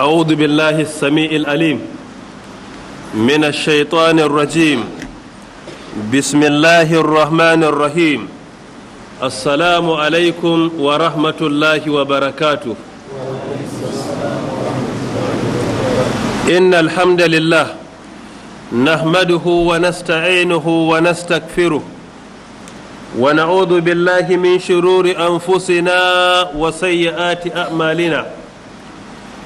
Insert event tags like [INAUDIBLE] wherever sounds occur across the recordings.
أعوذ بالله السميع العليم من الشيطان الرجيم بسم الله الرحمن الرحيم السلام عليكم ورحمة الله وبركاته إن الحمد لله نحمده ونستعينه ونستكفره ونعوذ بالله من شرور أنفسنا وسيئات أعمالنا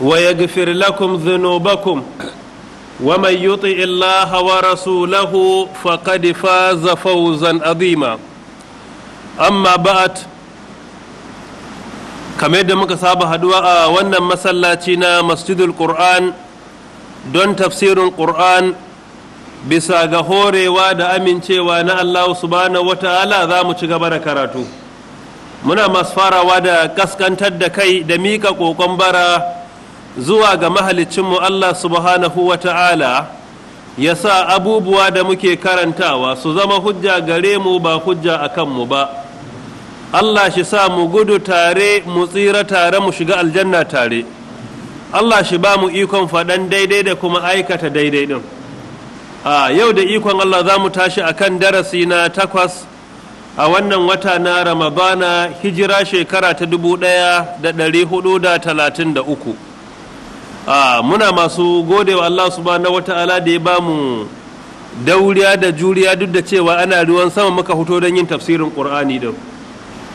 ويغفر لكم ذنوبكم ومن يطع الله ورسوله فقد فاز فوزا عظيما أما بعد kamar yadda muka saba haduwa a wannan masallaci na masjidul qur'an don tafsirin qur'an bisa ga horewa da amincewa na allahu wata wata'ala za mu ci gaba da karatu muna masfarawa da kaskantar da kai da mika kokon bara zuwa ga mahalicinmu Allah subhanahu wa ta'ala ya sa abubuwa da muke karantawa su zama hujja gare mu ba hujja a kanmu ba Allah shi sa mu gudu tare mu tsira tare mu shiga aljanna tare Allah shi ba mu ikon faɗan daidai da kuma aikata daidai ɗin a yau da ikon Allah za mu tashi a kan darasi na takwas a wannan wata na Ramabana hijira shekara ta dubu ɗaya da ɗari hudu da talatin da uku Ah, muna masu godewa Allah subhanahu wata'ala da ya bamu dauriya da juriya duk da cewa ana ruwan sama muka fito don yin tafsirin ƙur'ani din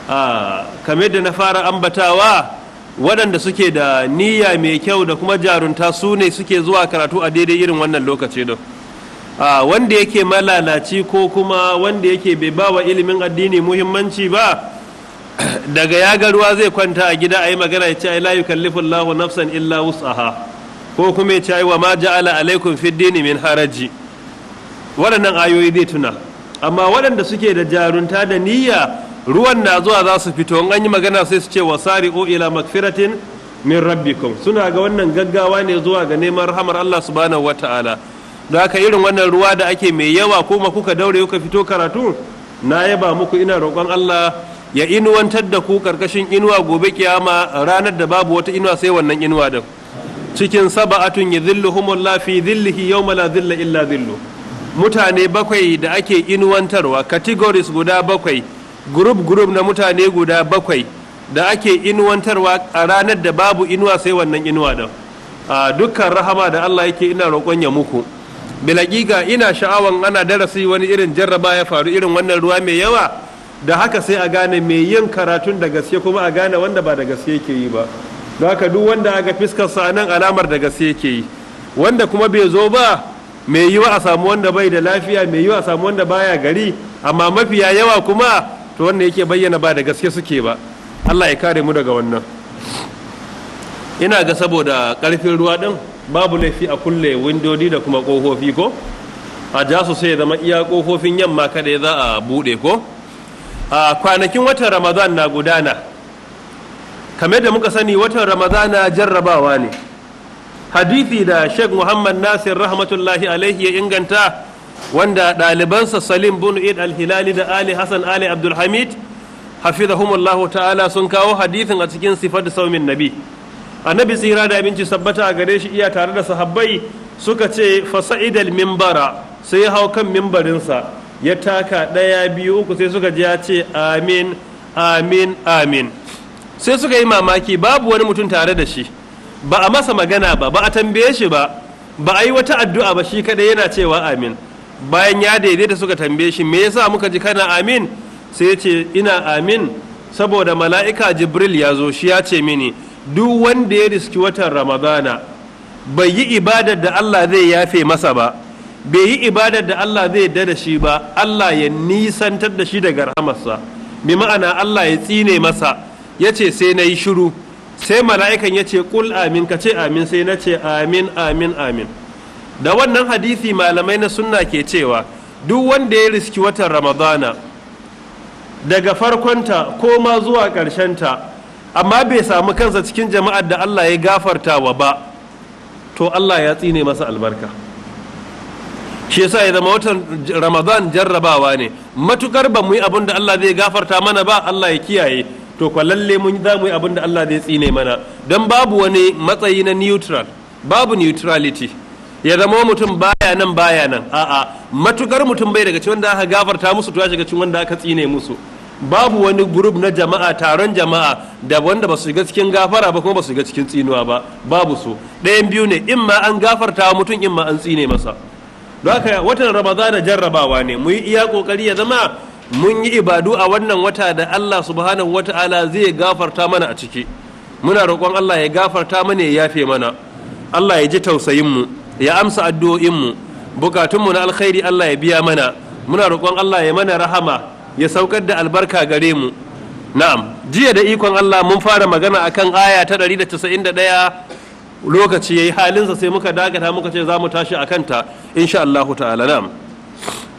ah, kamar da na fara ambatawa waɗanda suke da niyya mai kyau da kuma jarunta su ne suke zuwa karatu a daidai irin wannan lokaci a ah, wanda yake malalaci ko kuma wanda yake bai ba wa ilimin addini muhimmanci ba daga ya ga ruwa zai kwanta a gida ayi magana ya ce ai la yukallifu Allahu nafsan illa wus'aha ko kuma ya ce ai wa ma ja'ala alaikum fid dini min haraji waɗannan ayoyi zai tuna amma waɗanda suke da jarunta da niyya ruwan na zuwa za su fito in an yi magana sai su ce wa wasari'u ila magfiratin min rabbikum suna ga wannan gaggawa ne zuwa ga neman rahamar Allah subhanahu wata'ala da aka irin wannan ruwa da ake mai yawa kuma kuka daure kuka fito karatu na yaba muku ina roƙon Allah ya inuwantar da ku karkashin inuwa gobe kiyama ranar da babu wata inuwa sai wannan inuwa din cikin saba'atun yadhilluhumullahu fi dhillihi yau mala zilla illa zillu. mutane bakwai da ake inuwantarwa categories guda bakwai group group na mutane guda bakwai da ake inuwantarwa a ranar da babu inuwa sai wannan inuwa din dukkan rahama da Allah yake ina roƙon ya muku bilagiga ina sha'awan ana darasi wani irin jarraba ya faru irin wannan ruwa mai yawa da haka sai a gane mai yin karatun da gaske kuma a gane wanda ba da gaske yake yi ba da haka duk wanda aga fiskarsa nan alamar da gaske yake yi wanda kuma bai zo ba mai yiwa a samu wanda bai da lafiya mai yiwa a samu wanda baya gari amma mafiya yawa kuma to wanda yake bayyana ba da gaske suke ba Allah ya kare mu daga wannan ina ga saboda karfin ruwa din babu laifi a kulle windodi da kuma kofofi ko a jasu sai zama iya kofofin yamma kada za a bude ko a ah, kwanakin watan ramadan na gudana kame da muka sani watan ramadana jarrabawa ne hadithi da sheikh muhammad nasir rahmatullahi alaihi ya inganta wanda ɗalibansa salim bin id al-hilali da ali hassan ali abdulhamid hafizahumullahu ta'ala sun kawo hadithin a cikin sifar saumin nabi annabi tsira da abinci sabbata a gare shi iya tare da sahabbai suka ce fasa'idal mimbara sai ya hau kan mimbarinsa ya taka ɗaya biyu uku sai suka ji ya ce amin amin amin sai suka yi mamaki babu wani mutum tare da shi ba a masa magana ba ba a tambaye shi ba ba a yi wata addu'a ba shi kadai yana cewa amin bayan ya daidaita suka tambaye shi me yasa muka ji kana amin sai ya ce ina amin saboda mala'ika jibril ya zo shi ya ce mini duk wanda ya riski watan ramadana bai yi ibadar da allah zai yafe masa ba bai yi ibadar da Allah zai yarda da shi ba Allah ya nisantar da shi daga rahamarsa bi ma'ana Allah ya tsine masa ya ce sai na yi shiru sai mala'ikan ya ce kul amin ka ce amin sai na ce amin amin amin da wannan hadisi malamai na sunna ke cewa duk wanda ya riski watan ramadana daga farkonta ko ma zuwa ta amma bai samu kansa cikin jama'ar da Allah ya gafartawa ba to Allah ya tsine masa albarka shi yasa ya zama watan ramadan jarrabawa ne matukar ba mu yi abin da Allah zai gafarta mana ba Allah ya kiyaye to kwa lalle mun za mu yi abin da Allah zai tsine mana dan babu wani matsayi na neutral babu neutrality ya zama mutum baya nan baya nan a'a matukar mutum bai daga cikin wanda aka gafarta musu to ya shiga cikin wanda aka tsine musu babu wani group na jama'a taron jama'a da wanda ba su shiga cikin gafara ba kuma ba su shiga cikin tsinuwa ba babu su ɗayan biyu ne in ma an gafarta mutum in ma an tsine masa don haka watan ramadana jarrabawa ne mu yi iya kokari ya zama mun yi ibadu a wannan wata da Allah subhanahu ta'ala zai gafarta mana a ciki muna roƙon Allah ya gafarta mana ya yafe mana Allah ya ji tausayinmu ya amsa addu'o'inmu bukatunmu na alkhairi Allah ya biya mana muna roƙon Allah ya mana rahama ya saukar da albarka gare mu na'am jiya da ikon Allah mun fara magana akan aya ta ɗari da da ɗaya. lokaci yayi halinsa sai muka dakata muka ce za mu tashi a kanta insha Allahu ta'ala na'am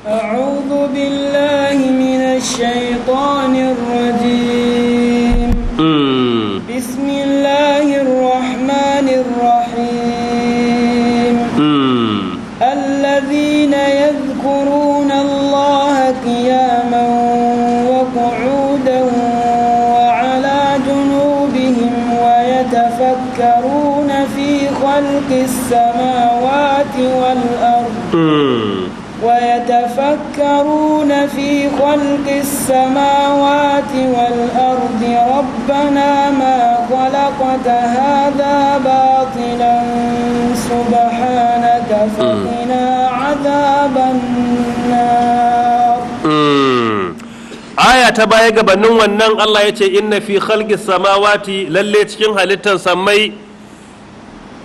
أعوذ بالله من الشيطان الرجيم بسم الله الرحمن الرحيم السماوات والأرض ويتفكرون في خلق السماوات والأرض ربنا ما خلقت هذا باطلا سبحانك فقنا عذاب النار aya ta baya gabanin wannan Allah ya ce inna fi khalqis samawati lalle cikin halittar sammai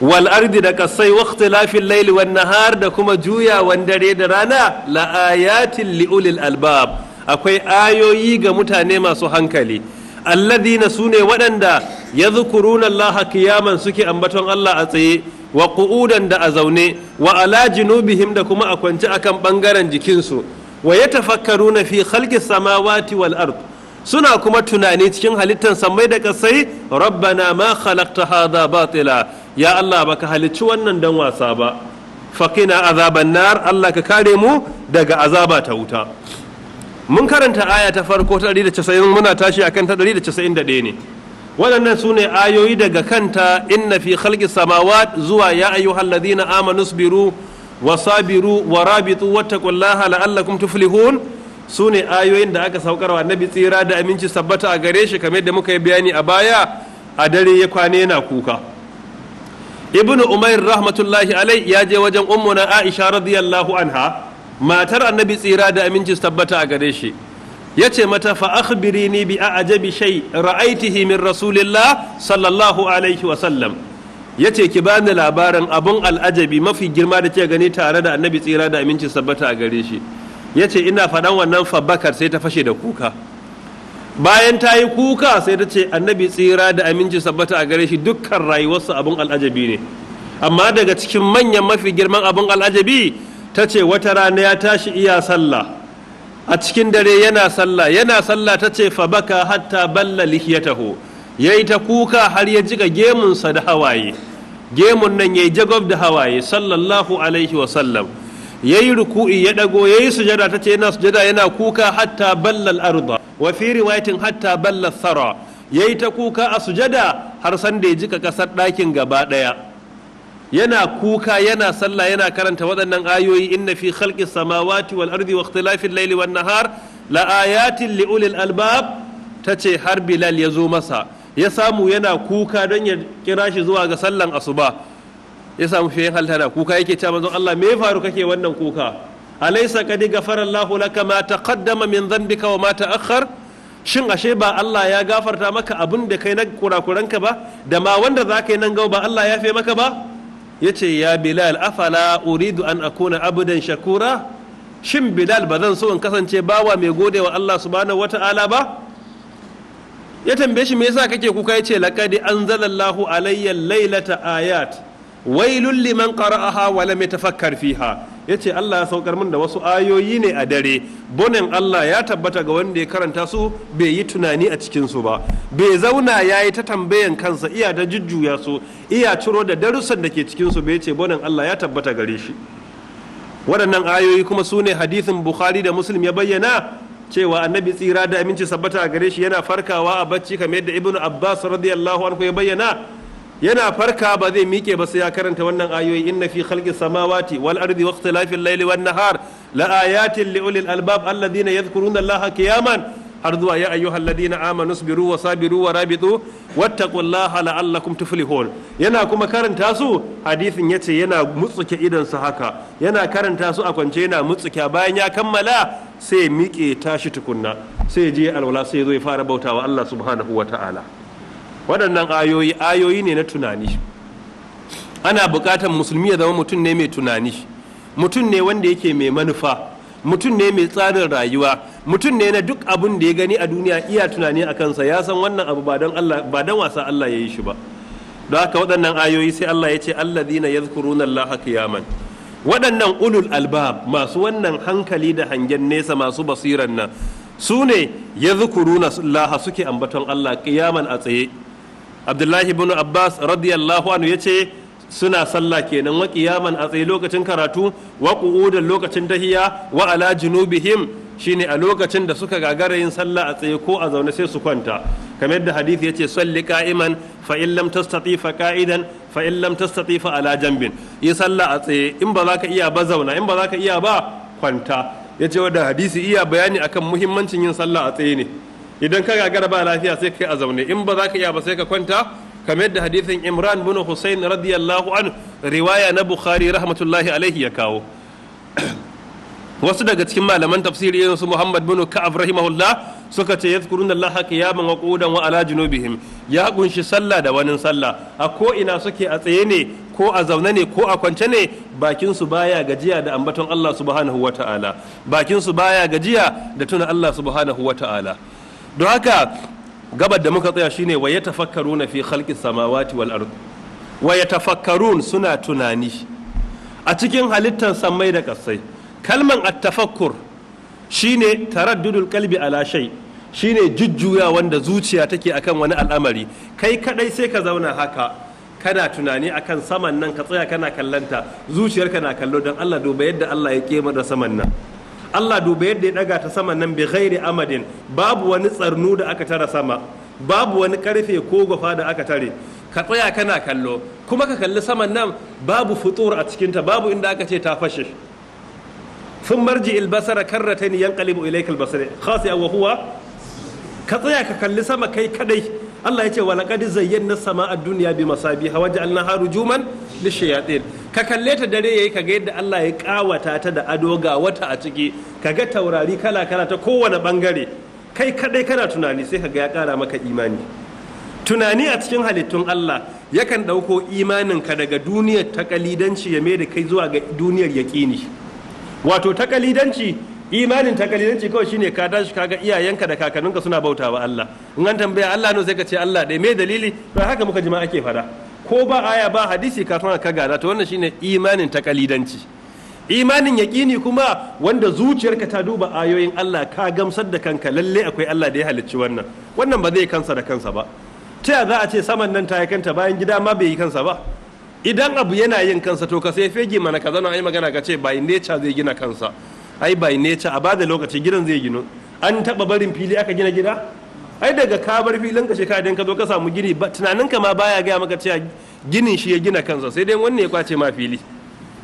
wal da ƙasai waqti lafin laili wan nahar da kuma juyawan dare da rana la ayatin li ulil albab akwai ayoyi ga mutane masu hankali alladhina sune waɗanda yadhkuruna allaha qiyaman suke ambaton Allah a tsaye wa qu'udan da a zaune wa ala junubihim da kuma a kwance a kan ɓangaren jikinsu wa ya yatafakkaruna fi khalqis samawati wal ardh suna kuma tunani cikin halittar sammai da kasai rabbana ma khalaqta hadha batila ya Allah baka halicci wannan dan wasa ba faqina azaban nar Allah ka kare mu daga azaba ta wuta mun karanta aya ta farko ta 190 muna tashi akan ta 191 ne waɗannan su ne ayoyi daga kanta inna fi khalqis samawat zuwa ya ayyuhal ladhina amanu sabiru wa sabiru wa rabitu wattaqullaha la'allakum tuflihun su ne ayoyin da aka saukarwa nabi tsira da aminci sabbata a gare shi kamar yadda muka yi bayani a baya a dare ya kwane na kuka ibnu umair rahmatullahi alai ya je wajen ummuna aisha radiyallahu anha matar annabi tsira da aminci tabbata a gare shi ya ce mata fa akhbirni bi ajabi shay ra'aitihi min rasulillah sallallahu alaihi wa sallam ya ce ki bani labarin abun al'ajabi mafi girma da ke gani tare da annabi tsira da aminci tabbata a gare shi ya ce ina faɗan wannan fabakar sai ta fashe da kuka bayan ta yi kuka sai ta ce annabi tsira da aminci sabbata a gare shi dukkan rayuwarsa abin al'ajabi ne amma daga cikin manyan mafi girman abin al'ajabi ta ce wata rana ya tashi iya sallah a cikin dare yana sallah yana sallah ta ce fabaka hatta balla taho. ya yi ta kuka har ya jiga gemunsa da hawaye gemun nan ya yi jagob da hawaye sallallahu alaihi wa sallam yayi ruku'i ya dago yayi sujada tace yana sujada yana kuka hatta ballal arda wa fi riwayatin hatta ballal yayi ta kuka a sujada har san da ya jika ƙasar ɗakin gaba ɗaya yana kuka yana sallah yana karanta waɗannan ayoyi inna fi khalqis samawati wal ardi wa ikhtilafil layli wan nahar la ayatin li ulil albab tace har bilal ya zo masa ya samu yana kuka don ya kira shi zuwa ga sallan asuba ya samu fiye haltana kuka yake cewa manzon Allah me faru kake wannan kuka alaysa qad ghafara Allahu laka ma taqaddama min dhanbika wa ma ta'akhkhar shin ashe ba Allah ya gafarta maka abin da kai na kurakuranka ba da ma wanda za yi nan gau ba Allah ya fi maka ba ya ce ya bilal afala uridu an akuna abudan shakura shin bilal ba zan so in kasance bawa mai gode wa Allah subhanahu wata'ala ba ya tambaye shi me yasa kake kuka ya ce laqad anzalallahu alayya laylata ayat wailul liman qara'aha wa lam yatafakkar fiha yace Allah ya saukar mun da wasu ayoyi ne a dare bonin Allah ya tabbata ga wanda ya karanta su bai yi tunani a cikin su ba bai zauna yayi ta tambayan kansa iya da jujjuya su iya ciro da darussan da ke cikin su bai ce bonin Allah ya tabbata gare shi waɗannan ayoyi kuma su ne hadithin bukhari da muslim ya bayyana cewa annabi tsira da aminci sabbata a gare shi yana farkawa a bacci kamar yadda ibnu abbas radiyallahu anhu ya bayyana yana farka ba zai miƙe ba sai ya karanta wannan ayoyi inna fi khalqi samawati wal ardi wa ikhtilafil layli wan nahar la ayatin li ulil albab alladhina yadhkuruna allaha qiyaman har zuwa ya ayyuhal ladina amanu sabiru wa sabiru wa rabitu wattaqullaha la'allakum tuflihun yana kuma karanta su hadisin yace yana mutsuke idan su haka yana karanta su a kwance yana mutsuke bayan ya kammala sai miƙe tashi tukunna sai je alwala sai zo ya fara bautawa Allah subhanahu wa ta'ala waɗannan ayoyi ayoyi ne na tunani ana buƙatar musulmi ya zama mutum ne mai tunani mutum ne wanda yake mai manufa mutum ne mai tsarin rayuwa mutum ne na duk abin da ya gani a duniya iya tunani a kansa ya san wannan abu ba don wasa Allah ya yi shi ba don haka waɗannan ayoyi sai Allah ya ce zuku yadhkuruna Allah qiyaman waɗannan ulul albab masu wannan hankali da hangen nesa masu basiran nan su ne yadhkuruna Laha suke ambaton Allah kiyaman a tsaye abdullahi ibn abbas radiyallahu anhu yace suna sallah kenan wa qiyaman a tsaye lokacin karatu wa qu'udan lokacin tahiya wa ala junubihim shine a lokacin da suka gagara yin sallah a tsaye ko a zaune sai su kwanta kamar da hadisi yace salli qa'iman fa in lam tastati fa qa'idan fa in lam tastati fa ala janbin yi sallah a tsaye in ba za ka iya ba zauna in ba za ka iya ba kwanta yace wannan hadisi iya bayani akan muhimmancin yin sallah a tsaye ne idan ka gagara ba lafiya sai kai a zaune in ba za ka iya ba sai ka kwanta kamar yadda hadithin imran bin Hussein radiyallahu an riwaya na bukhari rahmatullahi alaihi ya kawo wasu daga cikin malaman tafsiri irin su muhammad bin ka'ab rahimahullah suka ce da allaha qiyaman wa qu'udan wa ala junubihim ya kunshi sallah da wani sallah a ko ina suke a tsaye ne ko a zaune ne ko a kwance ne bakin su baya gajiya da ambaton Allah subhanahu wata'ala bakin su baya gajiya da tuna Allah subhanahu wata'ala don haka gabar da muka tsaya shine wa na fi khalqis samawati wal ard wa tafakkarun suna tunani a cikin halittar sammai da kasai kalman attafakkur tafakkur shine taraddudul qalbi ala shay shine jujjuya wanda zuciya take akan wani al'amari kai kadai sai ka zauna haka kana tunani akan saman nan ka tsaya kana kallanta zuciyarka na kallo don Allah duba yadda Allah ya kema da saman nan Allah duba yadda ya daga ta sama nan bi ghairi amadin babu wani tsarnu da aka tara sama babu wani karfe ko gwafa da aka tare ka tsaya kana kallo kuma ka kalli saman nan babu futur a cikinta babu inda aka ce ta fashe sun marji ilbasara karrata yanqalibu ilayka albasar khasi wa huwa ka tsaya ka kalli sama kai kadai Allah ya ce na sama a duniya bi hawa haru juman da lishayatin ka kalle ta dare yayi ga yadda Allah ya ƙawata ta da ado ga wata a ciki ka ga taurari kala kala ta kowane bangare kai kadai kana tunani sai ka ga ya ƙara maka imani tunani a cikin halittun Allah yakan ɗauko imanin ka daga duniyar takalidanci ya mai da kai zuwa ga duniyar yaƙini wato takalidanci imanin takalilanci kawai shine ka ka kaga iyayenka da kakanninka suna bauta wa Allah in an tambaya Allah ne sai ka ce Allah dai me dalili to haka muka jima ake fada ko ba aya ba hadisi ka tana ka gada to wannan shine imanin takalidanci imanin yaƙini kuma wanda zuciyarka ta duba ayoyin Allah ka gamsar da kanka lalle akwai Allah da ya halicci wannan wannan ba zai kansa da kansa ba ta za a ce saman nan ta yi kanta bayan gida ma bai yi kansa ba idan abu yana yin kansa to ka sai fege mana ka zana yi magana ka ce by nature zai gina kansa ai bai neca a bada lokaci gidan zai gino an taba barin fili aka gina gida ai daga ka bar filin ka shekara idan ka zo ka samu gini tunanin ka ma baya gaya maka cewa ginin shi ya gina kansa sai dai wanne ya kwace ma fili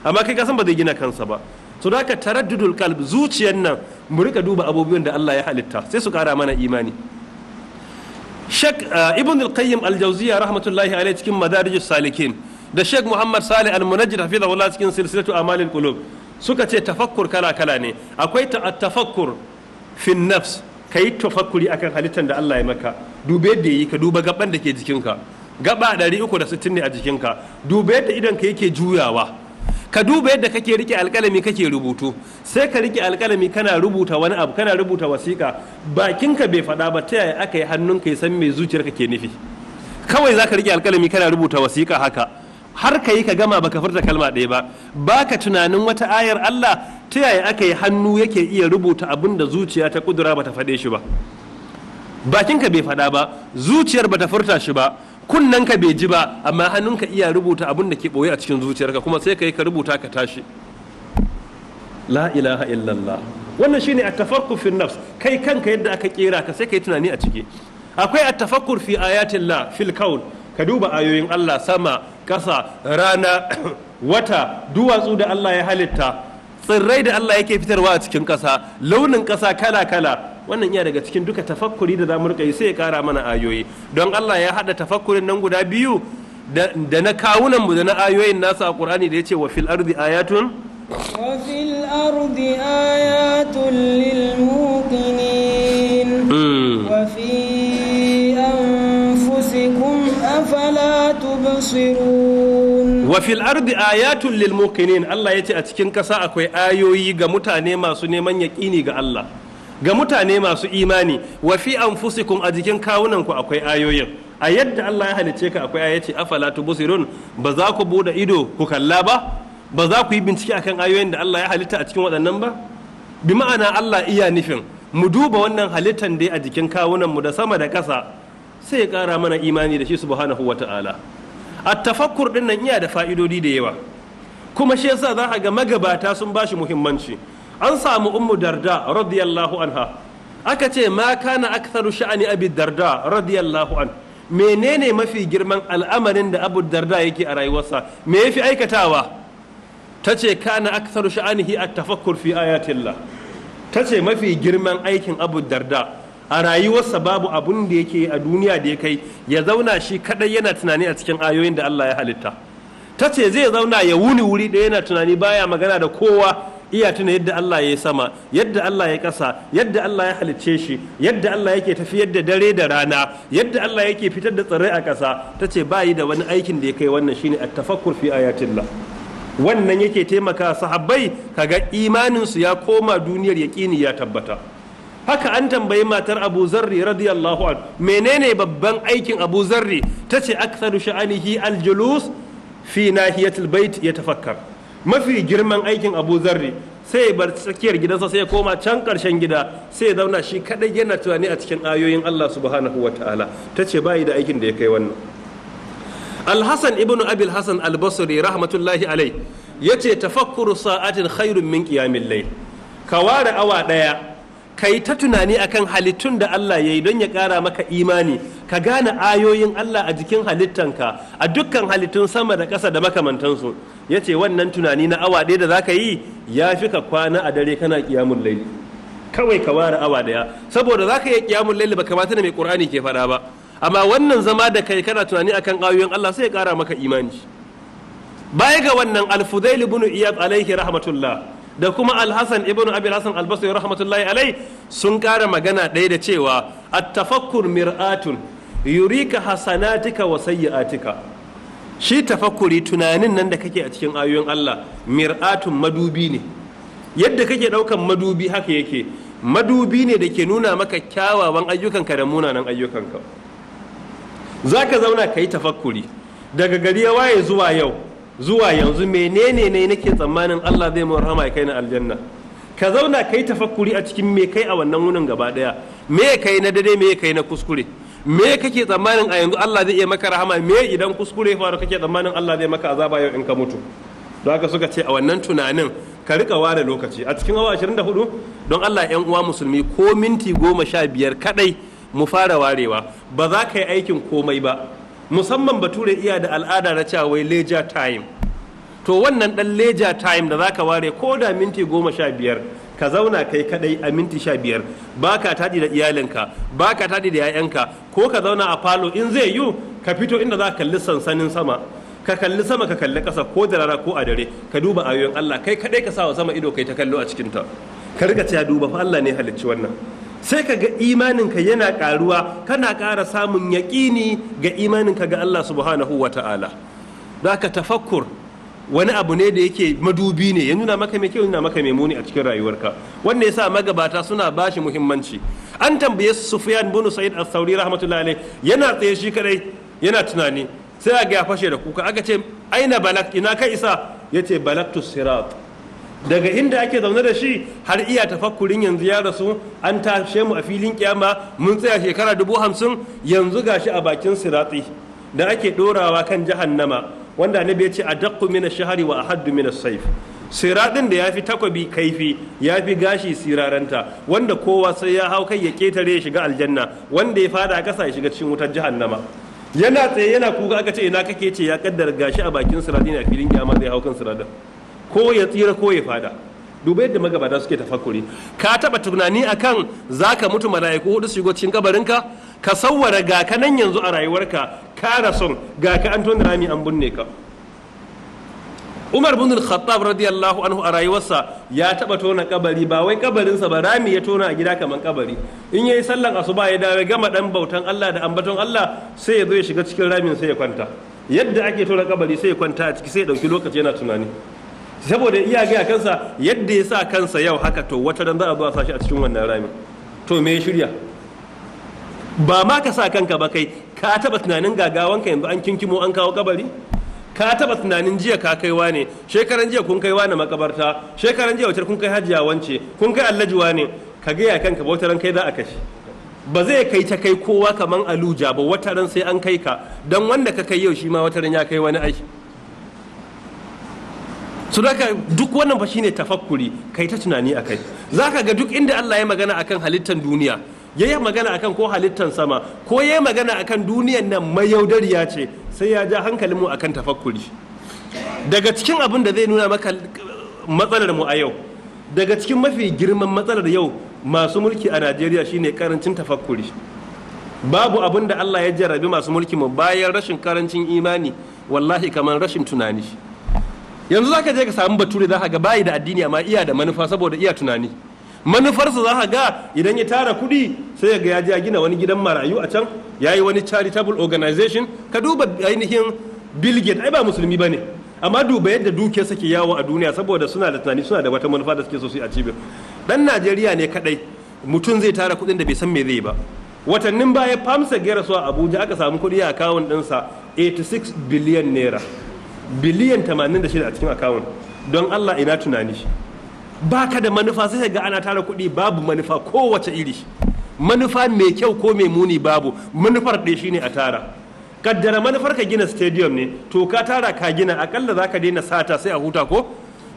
amma kai ka san ba zai gina kansa ba to da ka taraddudul kalb zuciyar nan mu rika duba abubuwan da Allah ya halitta sai su kara mana imani shek uh, ibn al-qayyim al-jawziya rahmatullahi alayhi cikin madarijus salikin da shek muhammad salih al-munajjid hafizahullah cikin silsilatu amalil qulub suka ce tafakkur kala kala ne akwai tafakkur fin nafs ka yi tafakkuri akan halittar da Allah ya maka dube yadda yi ka duba gaban da ke jikinka gaba 360 ne a jikinka dube yadda idan ka yake juyawa ka duba yadda kake rike alkalami kake rubutu sai ka rike alkalami kana rubuta wani abu kana rubuta wasiƙa bakinka bai faɗa ba ta yaya aka yi hannunka ya san me zuciyarka ke nufi kawai za ka rike alkalami kana rubuta wasiƙa haka har ka yi ka gama baka furta kalma ɗaya ba baka tunanin wata ayar Allah ta yaya aka yi hannu yake iya rubuta abin da zuciya ta kudura bata faɗe shi ba Bakin ka bai faɗa ba zuciyar bata furta shi ba ka bai ji ba amma hannun ka iya rubuta abin da ke ɓoye a cikin zuciyarka kuma sai ka yi ka rubuta ka tashi la ilaha illallah wannan shine at-tafakkur fi nafs kai kanka yadda aka kera ka sai ka yi tunani a ciki akwai at-tafakkur fi ayatillah fil kaun ka duba ayoyin Allah sama ƙasa rana [COUGHS] wata duwatsu da Allah ya halitta tsirrai da Allah yake fitarwa a cikin ƙasa launin ƙasa kala kala wannan iya daga cikin duka tafakkuri da zamu rika yi sai ya kara mana ayoyi don Allah ya haɗa tafakkurin nan guda biyu da na kawunan mu da na ayoyin nasa a Qur'ani da yace wa fil ardi ayatun wa fil ardi ayatun lil muqinin wa fil ardi ayatun lil muqinin allah yace a cikin kasa akwai ayoyi ga mutane masu neman yaqini ga Allah ga mutane masu imani wa fi anfusikum a jikin kawunanku akwai ayoyin a yadda Allah ya halice ka akwai ayati afala tubsirun ba za ku bude ido ku kalla ba ba za ku yi bincike akan ayoyin da Allah ya halitta a cikin waɗannan ba bi ma'ana Allah iya nufin mu duba wannan halittan dai a jikin kawunan mu da sama da ƙasa sai ya ƙara mana imani da shi subhanahu ta'ala. a tafakkur din nan iya da fa'idodi da yawa kuma shi yasa za ga magabata sun bashi muhimmanci an samu ummu darda radiyallahu anha aka ce ma kana aktharu sha'ani abi darda radiyallahu an menene mafi girman al'amarin da abu darda yake a rayuwarsa me yafi aikatawa ta ce kana aktharu sha'anihi at-tafakkur fi ayatillah ta ce mafi girman aikin abu darda a rayuwarsa babu abun da yake a duniya da ya kai ya zauna shi kadai yana tunani a cikin ayoyin da Allah ya halitta ta ce zai zauna ya wuni wuri ɗaya yana tunani baya magana da kowa iya tuna yadda Allah ya yi sama yadda Allah ya kasa, yadda Allah ya halicce shi yadda Allah yake tafiyar da dare da rana yadda Allah yake fitar da tsirrai a ƙasa ta ce bayi da wani aikin da ya kai wannan shine at-tafakkur fi ayatillah wannan yake taimaka sahabbai kaga imanin su ya koma duniyar yaqini ya tabbata haka an tambayi matar abu zarri radiyallahu an menene babban aikin abu zarri ta ce aksaru sha'anihi aljulus fi nahiyatul bait ya tafakkar mafi girman aikin abu zarri sai ya bar tsakiyar gidansa sai ya koma can karshen gida sai ya zauna shi kadai yana tunani a cikin ayoyin Allah subhanahu wataala ta ce bayi da aikin da ya kai wannan alhassan ibnu abil hassan albasri rahmatullahi alai ya ce tafakkuru sa'atin khairun min qiyamil layl ka ware awa daya ka yi ta tunani akan halittun da Allah ya yi don ya ƙara maka imani ka gane ayoyin Allah a jikin halittanka a dukkan halittun sama da ƙasa da makamantansu ya ce wannan tunani na awa ɗaya da za ka yi ya fi ka kwana a dare kana ƙiyamun laili kawai ka ware awa ɗaya saboda za ka yi ƙiyamun laili ba kamata da mai ƙur'ani ke faɗa ba amma wannan zama da kai kana tunani akan ayoyin Allah sai ya ƙara maka imani baya ga wannan alfudail ibn iyad alaihi rahmatullah da kuma alhassan ibn abil hassan albasri rahmatullahi alai sun kara magana ɗaya da cewa attafakkur tafakkur mir'atun yurika hasanatika wa sayyi'atika shi tafakkuri tunanin nan da kake a cikin ayoyin Allah mir'atun madubi ne yadda kake ɗaukan madubi haka yake madubi ne da ke nuna maka kyawawan ayyukanka da munanan ayyukanka za ka zauna ka yi tafakkuri daga gari ya waye zuwa yau zuwa yanzu menene ne nake tsammanin Allah zai mun rahama kai na aljanna ka zauna kai tafakkuri a cikin me kai a wannan wunin gaba daya me kai na dare, me kai na kuskure me kake tsammanin a yanzu Allah zai iya maka rahama me idan kuskure faru kake tsammanin Allah zai maka azaba yau in ka mutu don haka suka ce a wannan tunanin ka rika ware lokaci a cikin awa 24 don Allah yan uwa musulmi ko minti goma sha biyar kadai mu fara warewa ba za ka yi aikin komai ba musamman bature iya da al'ada na cewa wai leja time to wannan dan leja time da zaka ware ko da minti goma sha biyar ka zauna kai kadai a minti sha biyar baka ka tadi da iyalinka baka ka tadi da 'ya'yanka ko ka zauna a falo in zai yi, ka fito inda za ka kalli sansanin sama ka kalli sama ka kalli ƙasa ko da rana ko a dare ka duba ayoyin Allah kai kadai ka sa wa sama ido kai ta kallo a cikin ta ka riga ta duba fa Allah ne halicci wannan sai ka ga imaninka yana karuwa kana kara samun yaƙini ga imaninka ga Allah subhanahu wa ta'ala da ka tafakkur wani abu ne da yake madubi ne ya nuna maka mai kyau nuna maka mai muni a cikin rayuwarka wanda yasa magabata suna bashi muhimmanci an tambaye Sufyan bin Sa'id al-Thawri rahmatullahi alayh yana tsaye shi kadai yana tunani sai ga ya fashe da kuka aka ce aina balak ina ka isa yace balaktu sirat daga inda ake zaune da shi har iya tafakkurin yanzu ya rasu an tashe mu a filin kiyama mun tsaya shekara dubu hamsin yanzu gashi a bakin siratsi da ake dorawa kan nama, wanda na bai ce a dakku mina shahari wa a haddu mina saif siratsin da ya fi takwabi kaifi ya fi gashi siraranta wanda kowa sai ya hau kai ya ketare ya shiga aljanna wanda ya fada a kasa ya shiga cikin wutar nama. yana tsaye yana kuka aka ce ina kake ce ya kaddara gashi a bakin siratin a filin kyama zai hau kan siratsin ko ya tsira ko ya fada dubai yadda magabata suke tafakkuri ka taba tunani akan zaka mutu mala'iku hudu su shigo cikin kabarinka ka sawara ga ka nan yanzu a rayuwarka ka rasun ga ka an tona rami an bunne ka Umar bin Khattab radiyallahu anhu a rayuwarsa ya taba tona kabari ba wai kabarinsa ba rami ya tona a gida kamar kabari in yayi sallan asuba ya dawo gama dan bautan Allah da ambaton Allah sai ya zo ya shiga cikin ramin sai ya kwanta yadda ake tona kabari sai ya kwanta a ciki sai ya dauki lokaci yana tunani saboda iya gaya kansa yadda ya sa kansa yau haka to wata ran za a zuwa a sashi a cikin wannan rami to me shirya ba ma ka sa kanka ba kai ka taba tunanin gagawanka yanzu an kinkimo an kawo kabari ka taba tunanin jiya ka wa ne shekaran jiya kun wa ne makabarta shekaran jiya wacce kun kai hajiya wance kun kai allajuwa ne ka gaya kanka ba wata ran kai za a kashe ba zai kai ta kai kowa kaman aluja ba wata ran sai an kai ka dan wanda ka kai yau shi ma wata ran ya kai wani aiki su daga duk wannan ba shine tafakkuri kai ta tunani akai zaka ga duk inda Allah ya magana akan halittar duniya ya yi magana akan ko halittar sama ko ya yi magana akan duniyar nan mayaudariya ce sai ya ja hankalin mu akan tafakkuri daga cikin abin da zai nuna maka eh, matsalar mu a yau daga cikin mafi girman matsalar yau masu mulki a Najeriya shine karancin tafakkuri babu abin da Allah ya jarabi masu mulki mu bayan rashin karancin imani wallahi kamar rashin tunani yanzu za ka je ka samu bature za ka ga bayi da addini amma iya da manufa saboda iya tunani manufarsa za ka ga idan ya tara kuɗi sai ga ya je gina wani gidan marayu a can ya yi wani charitable organization ka duba ainihin bill ai ba musulmi ba ne amma duba yadda duke suke yawo a duniya saboda suna da tunani suna da wata manufa da suke so su yi a cibiyar dan najeriya ne kadai mutum zai tara kuɗin da bai san me zai ba watannin baya famsa gera su a abuja aka samu kuɗi a akawun ɗinsa 86 biliyan naira biliyan 86 a cikin akawun don allah ina tunani ba ka da manufa sai ga ana tara kuɗi babu manufa kowace iri manufa mai kyau ko mai muni babu manufar ɗaya shine a tara kaddara manufar ka gina stadium ne to ka tara ka gina akalla za ka daina sata sai a huta ko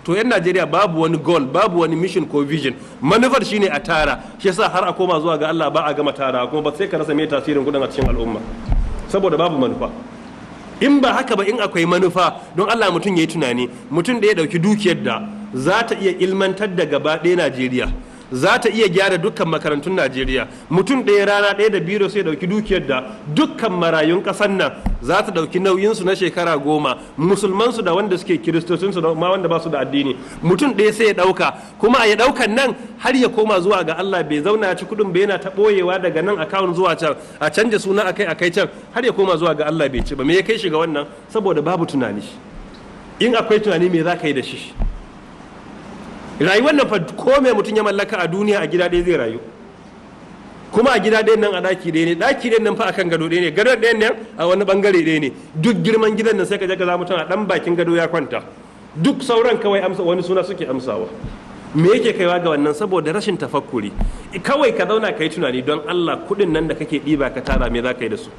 to yan najeriya babu wani goal babu wani mission ko vision manufar shine a tara shi yasa har a koma zuwa ga allah ba a gama tara kuma ba sai ka rasa mai tasirin kuɗin a cikin al'umma saboda babu manufa in ba haka ba in akwai manufa don Allah mutum ya yi tunani mutum da ya ɗauki dukiyar da za ta iya ilmantar da gaba ɗaya Najeriya za ta iya gyara dukkan makarantun najeriya mutum ɗaya rana ɗaya da biro sai ɗauki dukiyar da dukkan marayun ƙasar nan za ta ɗauki nauyinsu na shekara goma musulmansu da wanda suke kiristocinsu da ma wanda ba su da addini mutum ɗaya sai ya ɗauka kuma a ya ɗaukan nan har ya koma zuwa ga allah bai zauna ya ci kuɗin bai yana ta ɓoyewa daga nan akawun zuwa can a canja suna akai akai can har ya koma zuwa ga allah bai ci ba me ya kai shi ga wannan saboda babu tunani in akwai tunani me za ka yi da shi rayuwar nan fa ko mai mutum ya mallaka a duniya a gida ɗaya zai rayu kuma a gida ɗayan nan a ɗaki ɗaya ne ɗaki ɗayan nan fa akan gado ɗaya ne gado ɗayan nan a wani bangare ɗaya ne duk girman gidan nan sai ka je ka za mutum a dan bakin gado ya kwanta duk sauran kawai amsa wani suna suke amsawa me yake kaiwa ga wannan saboda rashin tafakkuri kawai ka zauna ka yi tunani don allah kuɗin nan da kake ɗiba ka tara me za ka yi da su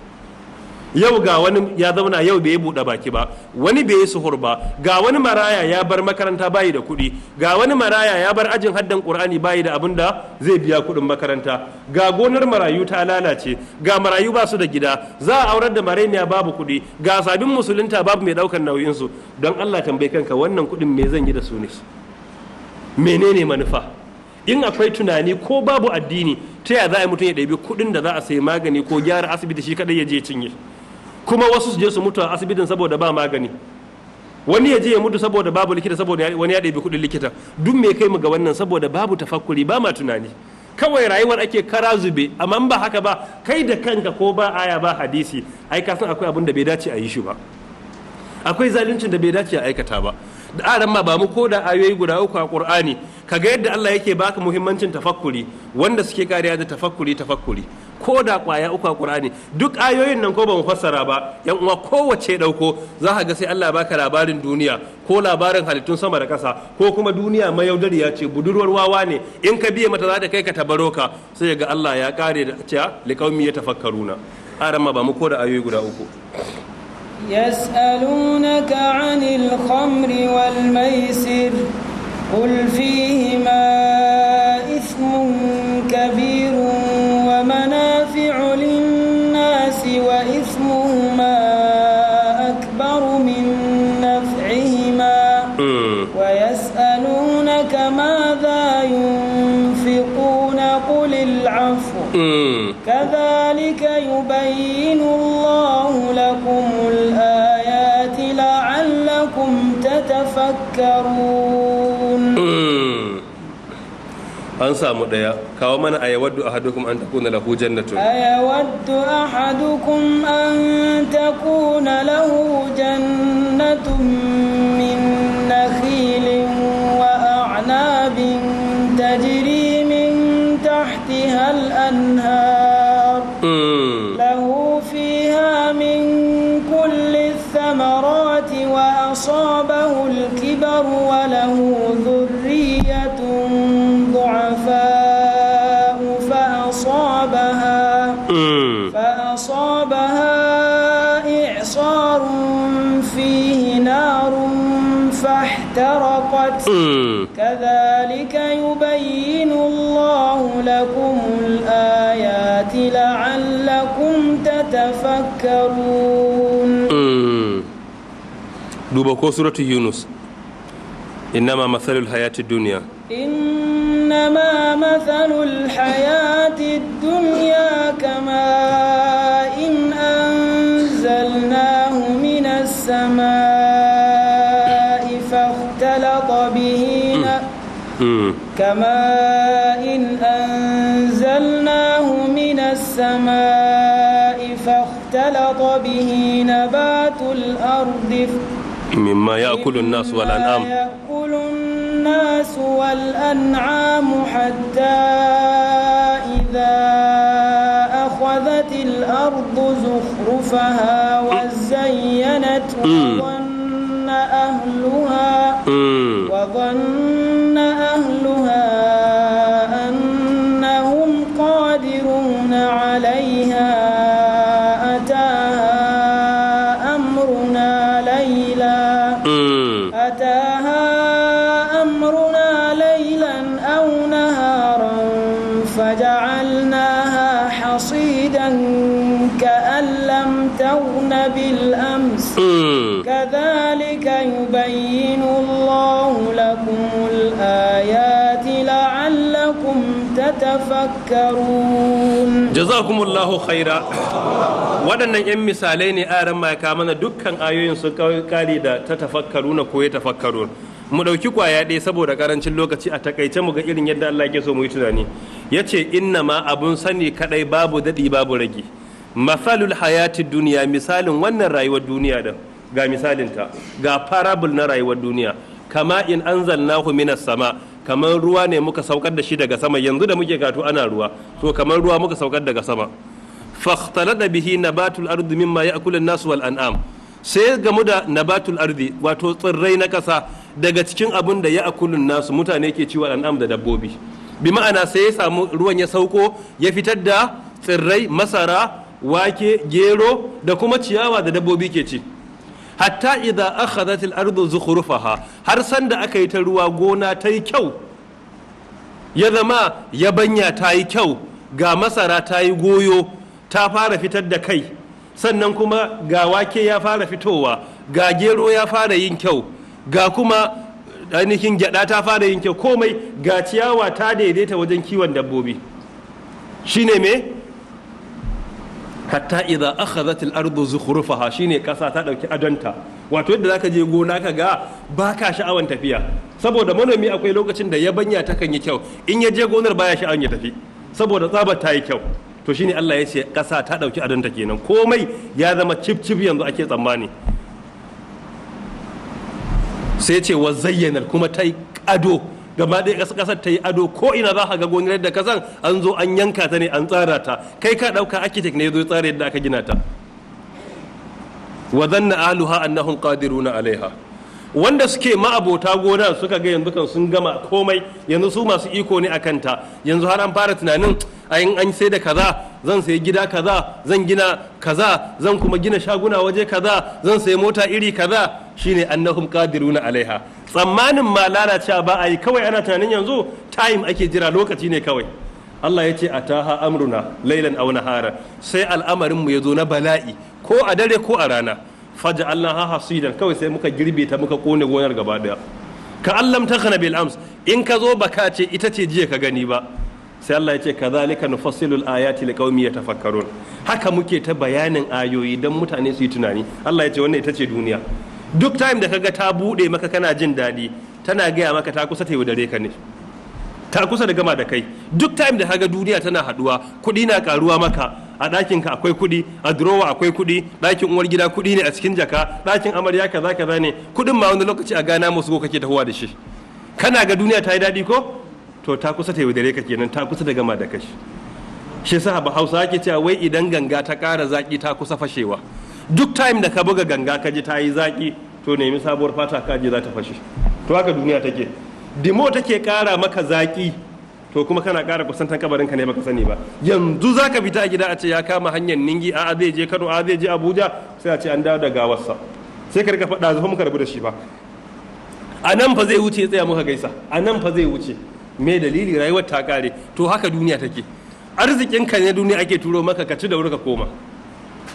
yau ga wani ya zauna yau bai buɗe baki ba wani bai yi suhur ba ga wani maraya ya bar makaranta bayi da kuɗi ga wani maraya ya bar ajin haddan qur'ani bayi da abin da zai biya kuɗin makaranta ga gonar marayu ta lalace ga marayu ba su da gida za a aurar da marainiya babu kuɗi ga sabin musulunta babu mai ɗaukar nauyin su don Allah tambayi kanka wannan kuɗin me zan yi da su ne menene manufa in akwai tunani ko babu addini ta ya za a yi mutum ya ɗabi kuɗin da za a sayi magani ko gyara asibiti shi kaɗai ya je cinye kuma wasu su je su mutu a asibitin saboda ba magani wani ya je ya mutu saboda babu likita saboda wani ya ɗebi kuɗin likita duk me kai mu ga wannan saboda babu tafakkuri ba ma tunani kawai rayuwar ake kara zube amma ba haka ba kai da kanka ko ba aya ba hadisi ai ka san akwai abun da bai dace a yi shi ba akwai zaluncin da bai dace a aikata ba da aran ma ba mu ko da ayoyi guda uku a qur'ani kaga yadda Allah yake baka muhimmancin tafakkuri wanda suke kariya da tafakkuri tafakkuri ko da kwaya uku a qur'ani duk ayoyin nan ko ba fassara ba yan uwa kowace dauko za ka ga sai Allah baka labarin duniya ko labarin halittun sama da ƙasa ko kuma duniya mayaudariya ce budurwar wawa ne in ka biye mata za ta kai ka tabaroka sai ga Allah ya kare da cewa liqaumi yatafakkaruna aran ma ba mu ko da ayoyi guda uku يسألونك عن الخمر والميسر قل فيهما إثم تذكرون mm. an samu ɗaya kawo mana a yawaddu an takuna lahu jannatun a yawaddu an takuna lahu jannatun min nakhilin wa a'nabin tajri min tahtiha al anha. النار وله ذرية ضعفاء فأصابها فأصابها إعصار فيه نار فاحترقت كذلك يبين الله لكم الآيات لعلكم تتفكرون duba ko suratu yunus إنما مثل الحياة الدنيا إنما مثل الحياة الدنيا كما إن أنزلناه من السماء فاختلط به كما إن أنزلناه من السماء فاختلط به نبات الأرض مما يأكل الناس والأنعام الفرس والأنعام حتى إذا أخذت الأرض زخرفها وزينت وظن أهلها وظن tadhakkarun jazakumullahu khaira waɗannan 'yan misalai ne a ran maka mana dukkan ayoyin su kare da ta tafakkaru na ya tafakkarun mu ɗauki kwaya ɗaya saboda ƙarancin lokaci a takaice mu ga irin yadda Allah ke so mu yi tunani ya ce inna ma abun sani kaɗai babu daɗi babu rage mafalul hayati duniya misalin wannan rayuwar duniya da ga misalinta ga parable na rayuwar duniya kama in anzalnahu minas sama kamar ruwa ne muka saukar da shi daga sama yanzu da muke gato ana ruwa to kamar ruwa muka saukar daga sama fakhtalata bihi nabatul ardi mimma ya'kulun nas wal an'am sai gamu da nabatul ardi wato tsirrai na kasa daga cikin abun da ya'kulun nasu mutane ke ciwa an'am da dabbobi bi ma'ana sai ya samu ruwan ya sauko ya fitar da tsirrai masara wake gero da kuma ciyawa da dabbobi ke ci hatta idza akhadhat al-ardu zukhrufaha har sanda aka yi ta ruwa gona ta yi kyau ya zama yabanya ta yi kyau ga masara ta yi goyo ta fara fitar da kai sannan kuma ga wake ya fara fitowa ga gero ya fara yin kyau ga kuma ainihin gyada ta fara yin kyau komai ga ciyawa ta daidaita wajen kiwon dabbobi Shi ne me hatta idza akhadhat al-ardu zukhrufaha shine kasa ta dauki adanta wato yadda zaka je gona ka ga baka sha'awan tafiya saboda manomi akwai lokacin da yabanya ta kan yi kyau in ya je gonar baya sha'awan ya tafi saboda tsabar ta yi kyau to shine Allah ya ce kasa ta dauki adanta kenan komai ya zama cif cif yanzu ake tsammani sai ce wa zayyana kuma ta yi ado gaba ɗaya ƙasa ƙasar ta yi ado ko ina za ka ga gonar da kasan an zo an yanka ta ne an tsara ta kai ka ɗauka architect ne ya zo tsara yadda aka gina ta wa zanna ahluha annahum qadiruna alaiha wanda suke ma'abota gona suka ga yanzu kan sun gama komai yanzu su masu iko ne a kanta yanzu har an fara tunanin a ayin an sai da kaza zan sayi gida kaza zan gina kaza zan kuma gina shaguna waje kaza zan sayi mota iri kaza shine annahum qadiruna alaiha tsammanin ma lalacewa ba a yi kawai ana tunanin yanzu time ake jira lokaci ne kawai Allah ya ce a taha amruna lailan aw nahara sai al'amarin mu ya zo na bala'i ko a dare ko a rana faja Allah hasidan kawai sai muka girbe ta muka kone gonar gaba daya ka allam kana bil ams in ka zo baka ce ita ce jiya ka gani ba sai Allah ya ce kadhalika nufassilul ayati liqaumi yatafakkarun haka muke ta bayanin ayoyi dan mutane su yi tunani Allah ya ce wannan ita ce duniya duk time da kaga ta bude maka kana jin dadi tana gaya maka ta kusa ta yi yaudare ka ne ta kusa da gama da kai duk time da kaga duniya tana haduwa kuɗi na karuwa maka a ɗakin ka akwai kuɗi a durowa akwai kuɗi ɗakin uwar gida kuɗi ne a cikin jaka ɗakin amarya kaza kaza ne kuɗin ma wani lokaci a gana musu ko kake tahowa da shi kana ga duniya ta yi daɗi ko to ta kusa ta yi dare ka kenan ta kusa da gama da kai. shi sa ba hausa ake cewa wai idan ganga ta ƙara zaƙi ta kusa fashewa duk time da ka buga ganga ka ji ta yi zaƙi to nemi sabuwar fata ka ji za ta fashe to haka duniya take dimo take kara maka zaki to kuma kana kara kusantan kabarin ka ne maka sani ba yanzu zaka fita a gida a ce ya kama hanyar ningi a zai je Kano a zai je Abuja sai a ce an dawo da gawarsa sai ka rika faɗa zuwa muka rabu da shi ba a nan fa zai wuce tsaya muka gaisa a nan fa zai wuce me dalili rayuwar ta kare to haka duniya take ka ne duniya ake turo maka ka ci da wuri ka koma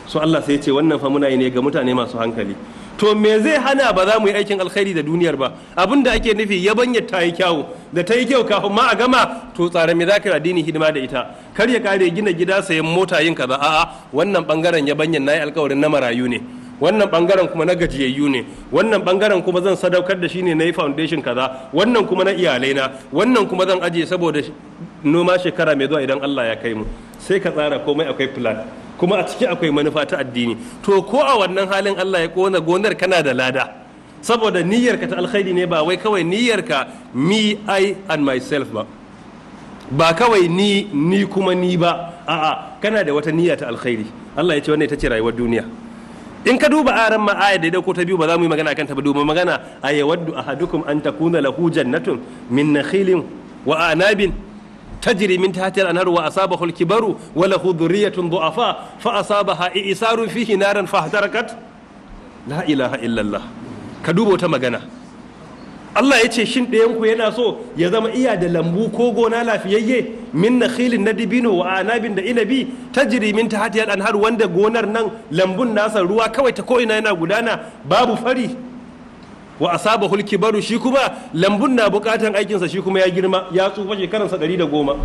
so Allah sai ya ce wannan fa muna yi ne ga mutane masu hankali to me zai hana ba za mu yi aikin alkhairi da duniyar ba abin da ake nufi yabanya ta yi kyau. da ta yi kyau kafin ma a gama to tsara me za ka addini hidima da ita kar ya kare gina gida sayan mota yin kaza a'a wannan bangaren yabanyan na yi alkawarin na marayu ne wannan bangaren kuma na gajiyayyu ne wannan bangaren kuma zan sadaukar da shi ne na yi foundation kaza wannan kuma na iyalaina wannan kuma zan ajiye saboda noma shekara mai zuwa idan Allah ya kai mu sai ka tsara komai akwai plan kuma a ciki akwai manufa ta addini to ko a wannan halin Allah ya kona gonar kana da lada saboda niyyarka ta alkhairi ne ba wai kawai niyyarka me i and myself ba ba kawai ni ni kuma ni ba a'a kana da wata niyya ta alkhairi Allah ya ce wannan ita ce rayuwar duniya in ka duba aran ma aya da ko ta biyu ba za mu yi magana kanta ba domin magana ayyawaddu ahadukum an takuna lahu jannatun min nakhilin wa anabin ta min tahtiha al-anhar wa asabahu al-kibaru wa lahu dhurriyyatun du'afa fa asabaha i'sarun fihi naran fahtarakat la ka duba wata magana Allah ya ce shin ɗayan ku yana so ya zama iya da lambu ko gona lafiyayye min na khilin na dibino wa anabin da inabi ta jirimin ta hatiyar anhar wanda gonar nan lambun nasa ruwa kawai ta ko'ina yana gudana babu fari wa asaba hulki baru shi kuma lambun na bukatan aikinsa shi kuma ya girma ya tsufa shekaransa ɗari da goma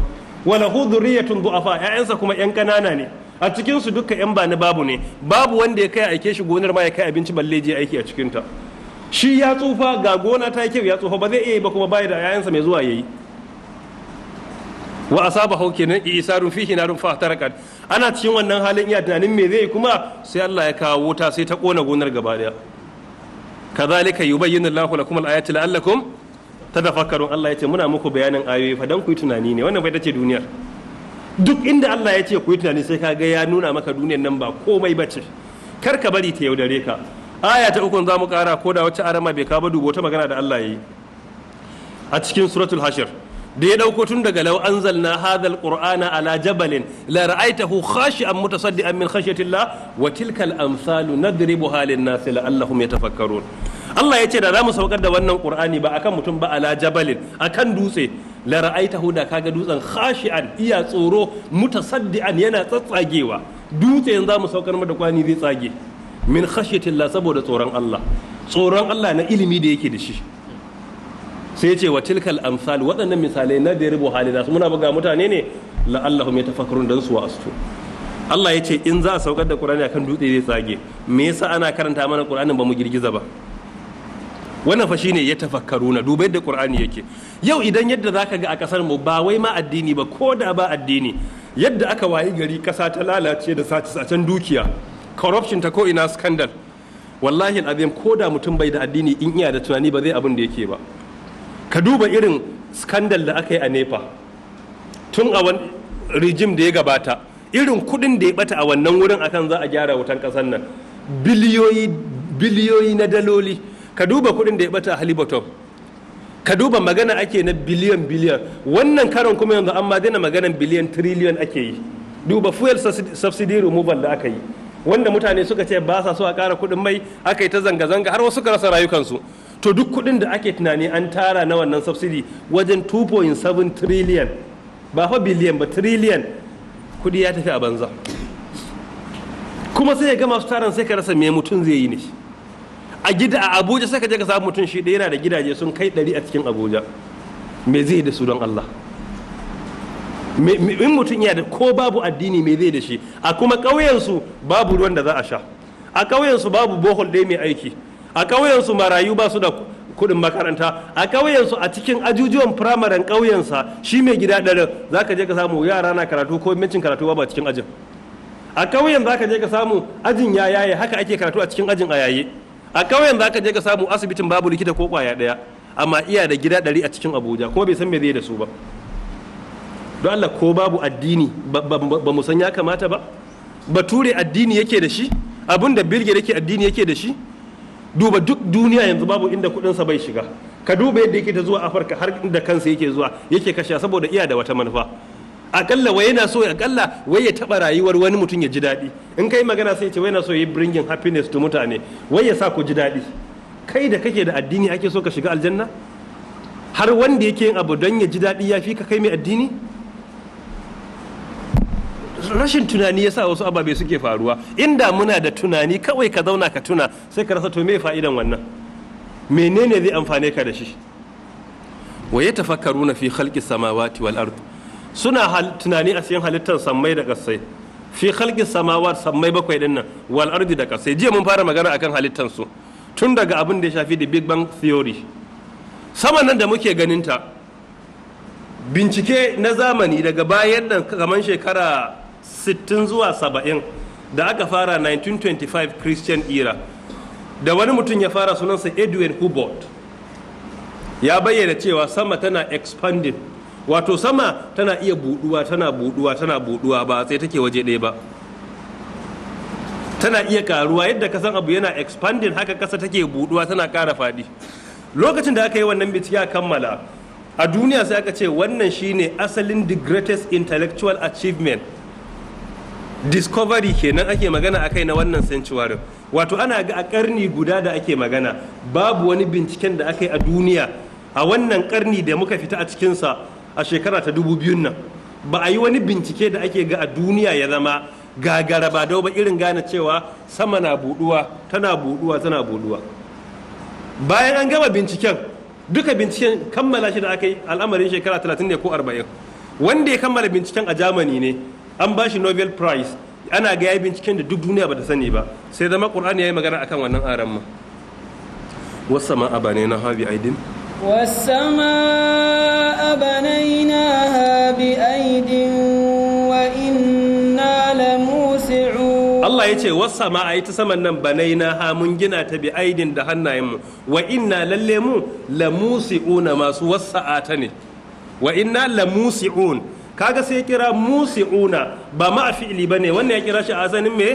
wa lahu dhurriyyatun du'afa ƴaƴansa kuma yan kanana ne a cikin su duka ƴan bani babu ne babu wanda ya kai aike shi gonar ma ya kai abinci balle je aiki a cikin ta shi ya tsufa ga gona ta kyau ya tsufa ba zai iya ba kuma bai da ƴaƴansa mai zuwa yayi wa asaba hau kenan isarun fihi narun tarakat ana cikin wannan halin iya tunanin me zai kuma sai Allah ya kawo ta sai ta kona gonar gaba daya kazalika yubayyinu Allahu lakum al-ayati la'allakum tadafakkarun Allah yace muna muku bayanin ayoyi fa dan ku yi tunani ne wannan bai tace duniyar duk inda Allah ya ce ku yi tunani sai ka ga ya nuna maka duniyar nan ba komai bace kar ka bari ta yaudare ka aya ta ukun mu kara ko da wacce arama bai ka ba dubo ta magana da Allah yayi a cikin suratul hashir da ya dauko tun daga law anzalna hadha alqur'ana ala jabalin la ra'aytahu khashi'an mutasaddian min khashyatillah wa tilkal amsalu nadribuha lin nas la'allahum yatafakkarun Allah ya ce da zamu saukar da wannan qur'ani ba akan mutum ba ala jabalin akan dutse la ra'aytahu da kaga dutsen khashi'an iya tsoro mutasaddian yana tsatsagewa dutse yanzu mu saukar mu da kwani zai tsage min khashyatillah saboda tsoron Allah tsoron Allah na ilimi da yake da shi sai ce wa tilkal amsal waɗannan misalai na da rubu halina su muna buga mutane ne la'allahum yatafakkarun dan su wa'astu Allah ya ce in za a saukar da Qur'ani akan dutse zai tsage me yasa ana karanta mana Qur'ani ba mu girgiza ba wannan fa shine ya na dubai da Qur'ani yake yau idan yadda zaka ga a kasar mu ba wai ma addini ba ko da ba addini yadda aka wayi gari kasa ta lalace da sace sacen dukiya corruption ta ko ina scandal wallahi al'azim ko da mutum bai da addini in iya da tunani ba zai abin da yake ba ka duba irin skandal da aka yi a nepa tun a wani rijim da ya gabata irin kudin da ya bata a wannan wurin akan za a gyara wutan kasar nan biliyoyi na daloli ka duba kudin da ya bata a halibaton ka duba magana ake na biliyan biliyan wannan karon kuma yanzu an ma daina maganan biliyan triliyan ake yi duba fuel subsidy removal da aka yi wanda mutane suka ce ba sa so a kara kuɗin mai aka yi ta zanga-zanga har wasu ka rasa rayukansu to duk kuɗin da ake tunani an tara na wannan subsidy wajen 2.7 trillion ba fa biliyan ba trillion kuɗi ya tafi a banza kuma sai ya ga masu taron sai ka rasa me mutum zai yi ne a gida a abuja sai ka je ka samu mutum shi ɗaya yana da gidaje sun kai ɗari a cikin abuja me zai da su don allah in mutum yana da ko babu addini me zai da shi a kuma ƙauyensu babu ruwan da za a sha a ƙauyensu babu bohol ɗaya mai aiki a ƙauyensu marayu ba su da kuɗin makaranta a ƙauyensu a cikin ajujuwan firamaren ƙauyensa shi mai gida ɗarin za ka je ka samu yara na karatu ko mincin karatu ba cikin ajin a ƙauyen za ka je ka samu ajin ya yaye haka ake karatu a cikin ajin a yaye a ƙauyen za ka je ka samu asibitin babu likita ko ƙwaya ɗaya amma iya da gida ɗari a cikin abuja kuma bai san me zai da su ba don allah ko babu addini ba mu san ya kamata ba bature addini yake da shi abin da birge yake addini yake da shi duba duk duniya yanzu babu inda kuɗinsa bai shiga ka duba yadda yake ta zuwa afirka har inda kansa yake zuwa yake kashe saboda iya da wata manufa akalla wai yana so akalla wai ya taba rayuwar wani mutum ya ji daɗi in kai magana sai ce wai yana so ya bringing happiness to mutane wai ya sa ku ji daɗi kai da kake da addini ake so ka shiga aljanna har wanda yake yin abu don ya ji daɗi ya fi ka kai mai addini rashin tunani ya sa wasu ababe suke faruwa inda muna da tunani kawai ka zauna ka tuna sai ka rasa to me fa'idan wannan menene zai amfane ka da shi wa na fi khalqi samawati wal ard suna tunani a cikin halittar sammai da kasai fi khalqi samawati sammai bakwai din nan wal da kasai jiya mun fara magana akan halittar su tun daga abin da ya shafi the big bang theory sama nan da muke ganin ta bincike na zamani daga bayan nan kamar shekara sittin zuwa saba'in da aka fara 1925 christian era da wani mutum ya fara sunansa edwin hubbard ya bayyana cewa sama tana expanding wato sama tana iya buduwa tana buduwa tana buduwa ba sai take waje ɗaya ba tana iya karuwa yadda kasan abu yana expanding haka kasa take buduwa tana kara faɗi lokacin da aka yi wannan bincike ya kammala a duniya sai aka ce wannan shine asalin the greatest intellectual achievement discovery kenan ake magana akai na wannan sanctuary wato ana ga a karni guda da ake magana babu wani binciken da aka yi a duniya a wannan karni da muka fita a cikinsa a shekara ta dubu biyun nan ba a yi wani bincike da ake ga a duniya ya zama gagara ba dau ba irin gane cewa sama na buduwa tana buduwa tana buduwa bayan an gama binciken duka binciken kammala shi da aka yi al'amarin shekara 30 ne ko 40 wanda ya kammala binciken a jamani ne an ba shi Novel prize ana ga yayi binciken da duk duniya ba ta sani ba sai zama qur'ani yayi magana akan wannan aran ma wasama abane na habi aidin wasama abanaina habi aidin wa inna lamusi'un Allah yace a ayi ta saman nan banaina ha mun gina ta bi aidin da hannayen mu wa inna lalle mu lamusi'una masu wasa'ata ne wa inna lamusi'un kaga sai kira musiuna ba ma fi'li bane wannan ya kira shi azanin me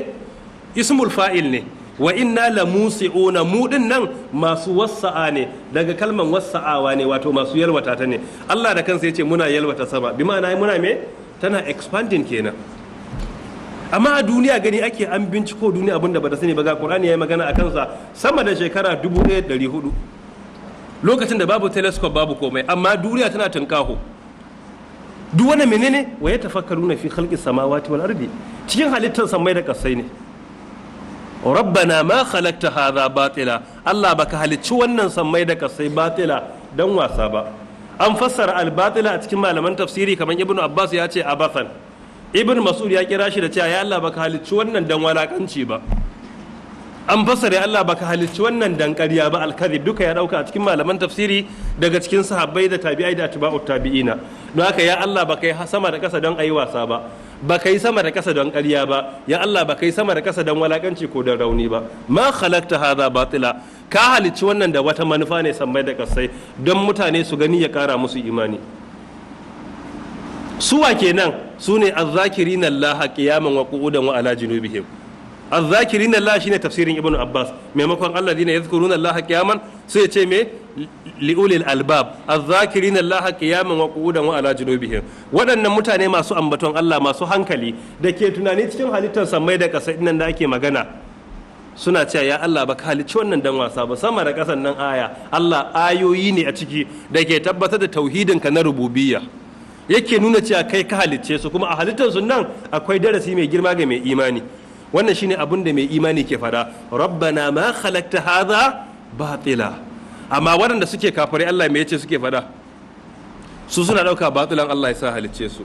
ismul fa'il ne wa inna la musiuna mu din nan masu wasa'a ne daga kalman wasa'awa ne wato masu yalwata ta ne Allah da kansa yace muna yalwata sama bi ma'ana muna me tana expanding kenan amma a duniya gani ake an binciko duniya abin da ba ta sani ba ga Qur'ani yayi magana a kansa sama da shekara 1400 lokacin da babu telescope babu komai amma duniya tana tunkaho duk wani menene wa ya na fi khalqi samawati wal ardi cikin halittar samai da kasai ne rabbana ma khalaqta hadha batila Allah baka halicci wannan samai da kasai batila dan wasa ba an fassara al batila a cikin malaman tafsiri kamar ibnu abbas ya ce abathan ibn mas'ud ya kira shi da cewa ya Allah baka halicci wannan dan walakanci ba an fasare Allah baka halicci wannan dankariya ba alkadhib duka ya dauka a cikin malaman tafsiri daga cikin sahabbai da tabi'ai da atba'ut tabi'ina don haka ya Allah baka yi sama da kasa don ayi wasa ba baka yi sama da kasa don ƙarya ba ya Allah baka yi sama da kasa don walakanci ko don rauni ba ma khalaqta hadha batila ka halicci wannan da wata manufa ne sammai da kasai don mutane su gani ya kara musu imani suwa kenan su ne azzakirina Allah qiyaman wa qu'udan wa ala junubihim azzakirin Allah shine tafsirin ibnu abbas maimakon Allah dina yadhkuruna Allah su sai ce me liulil albab azzakirin Allah qiyaman wa qu'udan wa ala junubihim waɗannan mutane masu ambaton Allah masu hankali da ke tunani cikin halittar samai da ƙasa nan da ake magana suna cewa ya Allah ba halicci wannan dan wasa ba sama da ƙasan nan aya Allah ayoyi ne a ciki da ke tabbatar da tauhidin ka na rububiyya yake nuna cewa kai ka halicce su kuma a halittar nan akwai darasi mai girma ga mai imani wannan shine abin da mai imani ke fada rabbana ma khalaqta hadha batila amma waɗanda suke kafirai Allah me yace suke fada su suna dauka batilan Allah ya sa halicce su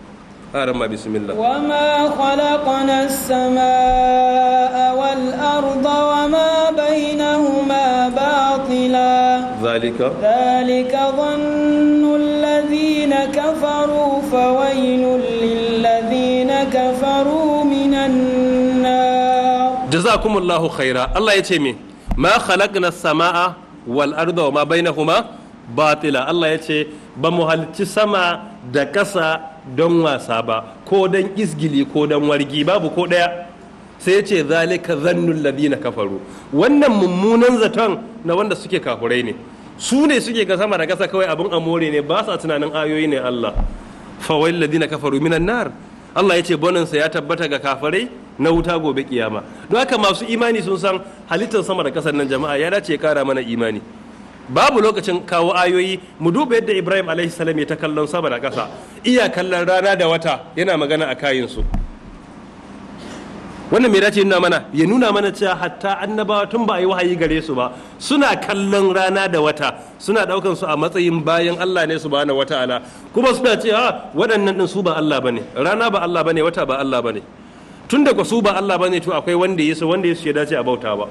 أرمى بسم الله وما خلقنا السماء والأرض وما بينهما باطلا ذلك ذلك ظن الذين كفروا فويل للذين كفروا jazakumullahu khaira Allah ya ce me ma khalaqna samaa wal arda wa ma bainahuma batila Allah ya ce ba mu halicci sama da ƙasa don wasa ba ko don isgili ko don wargi babu ko ɗaya sai ce zalika zannun ladina kafaru wannan mummunan zaton na wanda suke kafurai ne su ne suke ga sama da ƙasa kawai abin amore ne ba sa tunanin ayoyi ne Allah wal ladina kafaru minan nar Allah ya ce boninsa ya tabbata ga kafarai na wuta gobe kiyama don haka masu imani sun san halittar sama da kasar nan jama'a ya dace ya kara mana imani babu lokacin kawo ayoyi mu duba yadda Ibrahim alaihi salam ya ta kallon sama da kasa iya kallon rana da wata yana magana a kayin su wannan me dace nuna mana ya nuna mana cewa hatta annabawa tun ba a yi wahayi gare su ba suna kallon rana da wata suna daukan su a matsayin bayan Allah ne su wata ala. kuma suna cewa ah, waɗannan din su ba Allah bane rana ba Allah bane wata ba Allah bane tun da su ba Allah bane to akwai wanda ya su wanda ya ya dace a bauta ba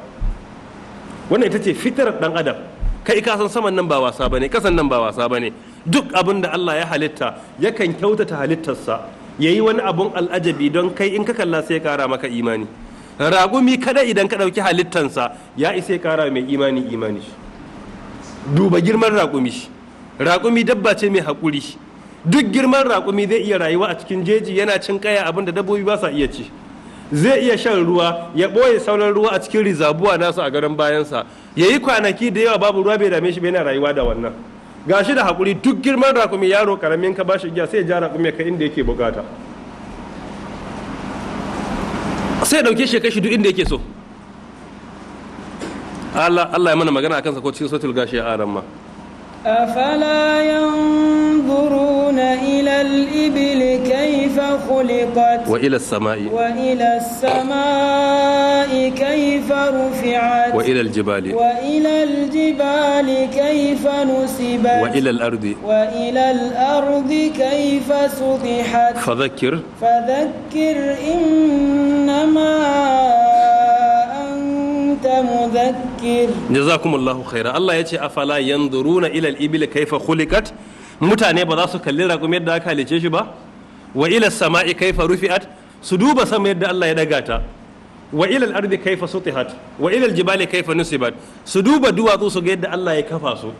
wannan ita ce fitar dan adam kai ka san saman nan ba wasa bane kasan nan ba wasa bane duk abin da Allah ya halitta yakan kyautata halittarsa Ya yi wani abun al'ajabi don kai in ka kalla sai kara maka imani ragumi kada idan ka ɗauki halittansa ya isa ya kara mai imani imani duba girman ragumi ragumi dabba ce mai haƙuri duk girman raƙumi zai iya rayuwa a cikin jeji yana cin kaya abinda dabbobi ba sa iya ci zai iya shan ruwa ya ɓoye sauran ruwa a cikin rizabuwa nasu a garin bayansa ya yi kwanaki da yawa babu ruwa bai dame shi bai na rayuwa da wannan gashi da hakuri duk girman rakumi yaro karamin ka bashi giya sai ja rakumi ka inda yake bukata sai dauke shi kashi duk inda yake so Allah Allah ya mana magana akan sa ko cikin sotil gashi a aran ma أفلا ينظرون إلى الإبل كيف خلقت وإلى السماء وإلى السماء كيف رفعت وإلى الجبال وإلى الجبال كيف نسبت وإلى الأرض وإلى الأرض كيف سطحت فذكر فذكر إنما anta mudhakkir jazakumullahu khaira Allah yace afala yanzuruna ila al-ibil kaifa khuliqat mutane ba za su kalli raƙum yadda aka halice shi ba wa ila sama'i kaifa rufi'at su duba sama yadda Allah ya daga ta wa ila al-ardi kayfa sutihat wa ila al-jibali nusibat su duba duwatsu su ga yadda Allah ya kafa su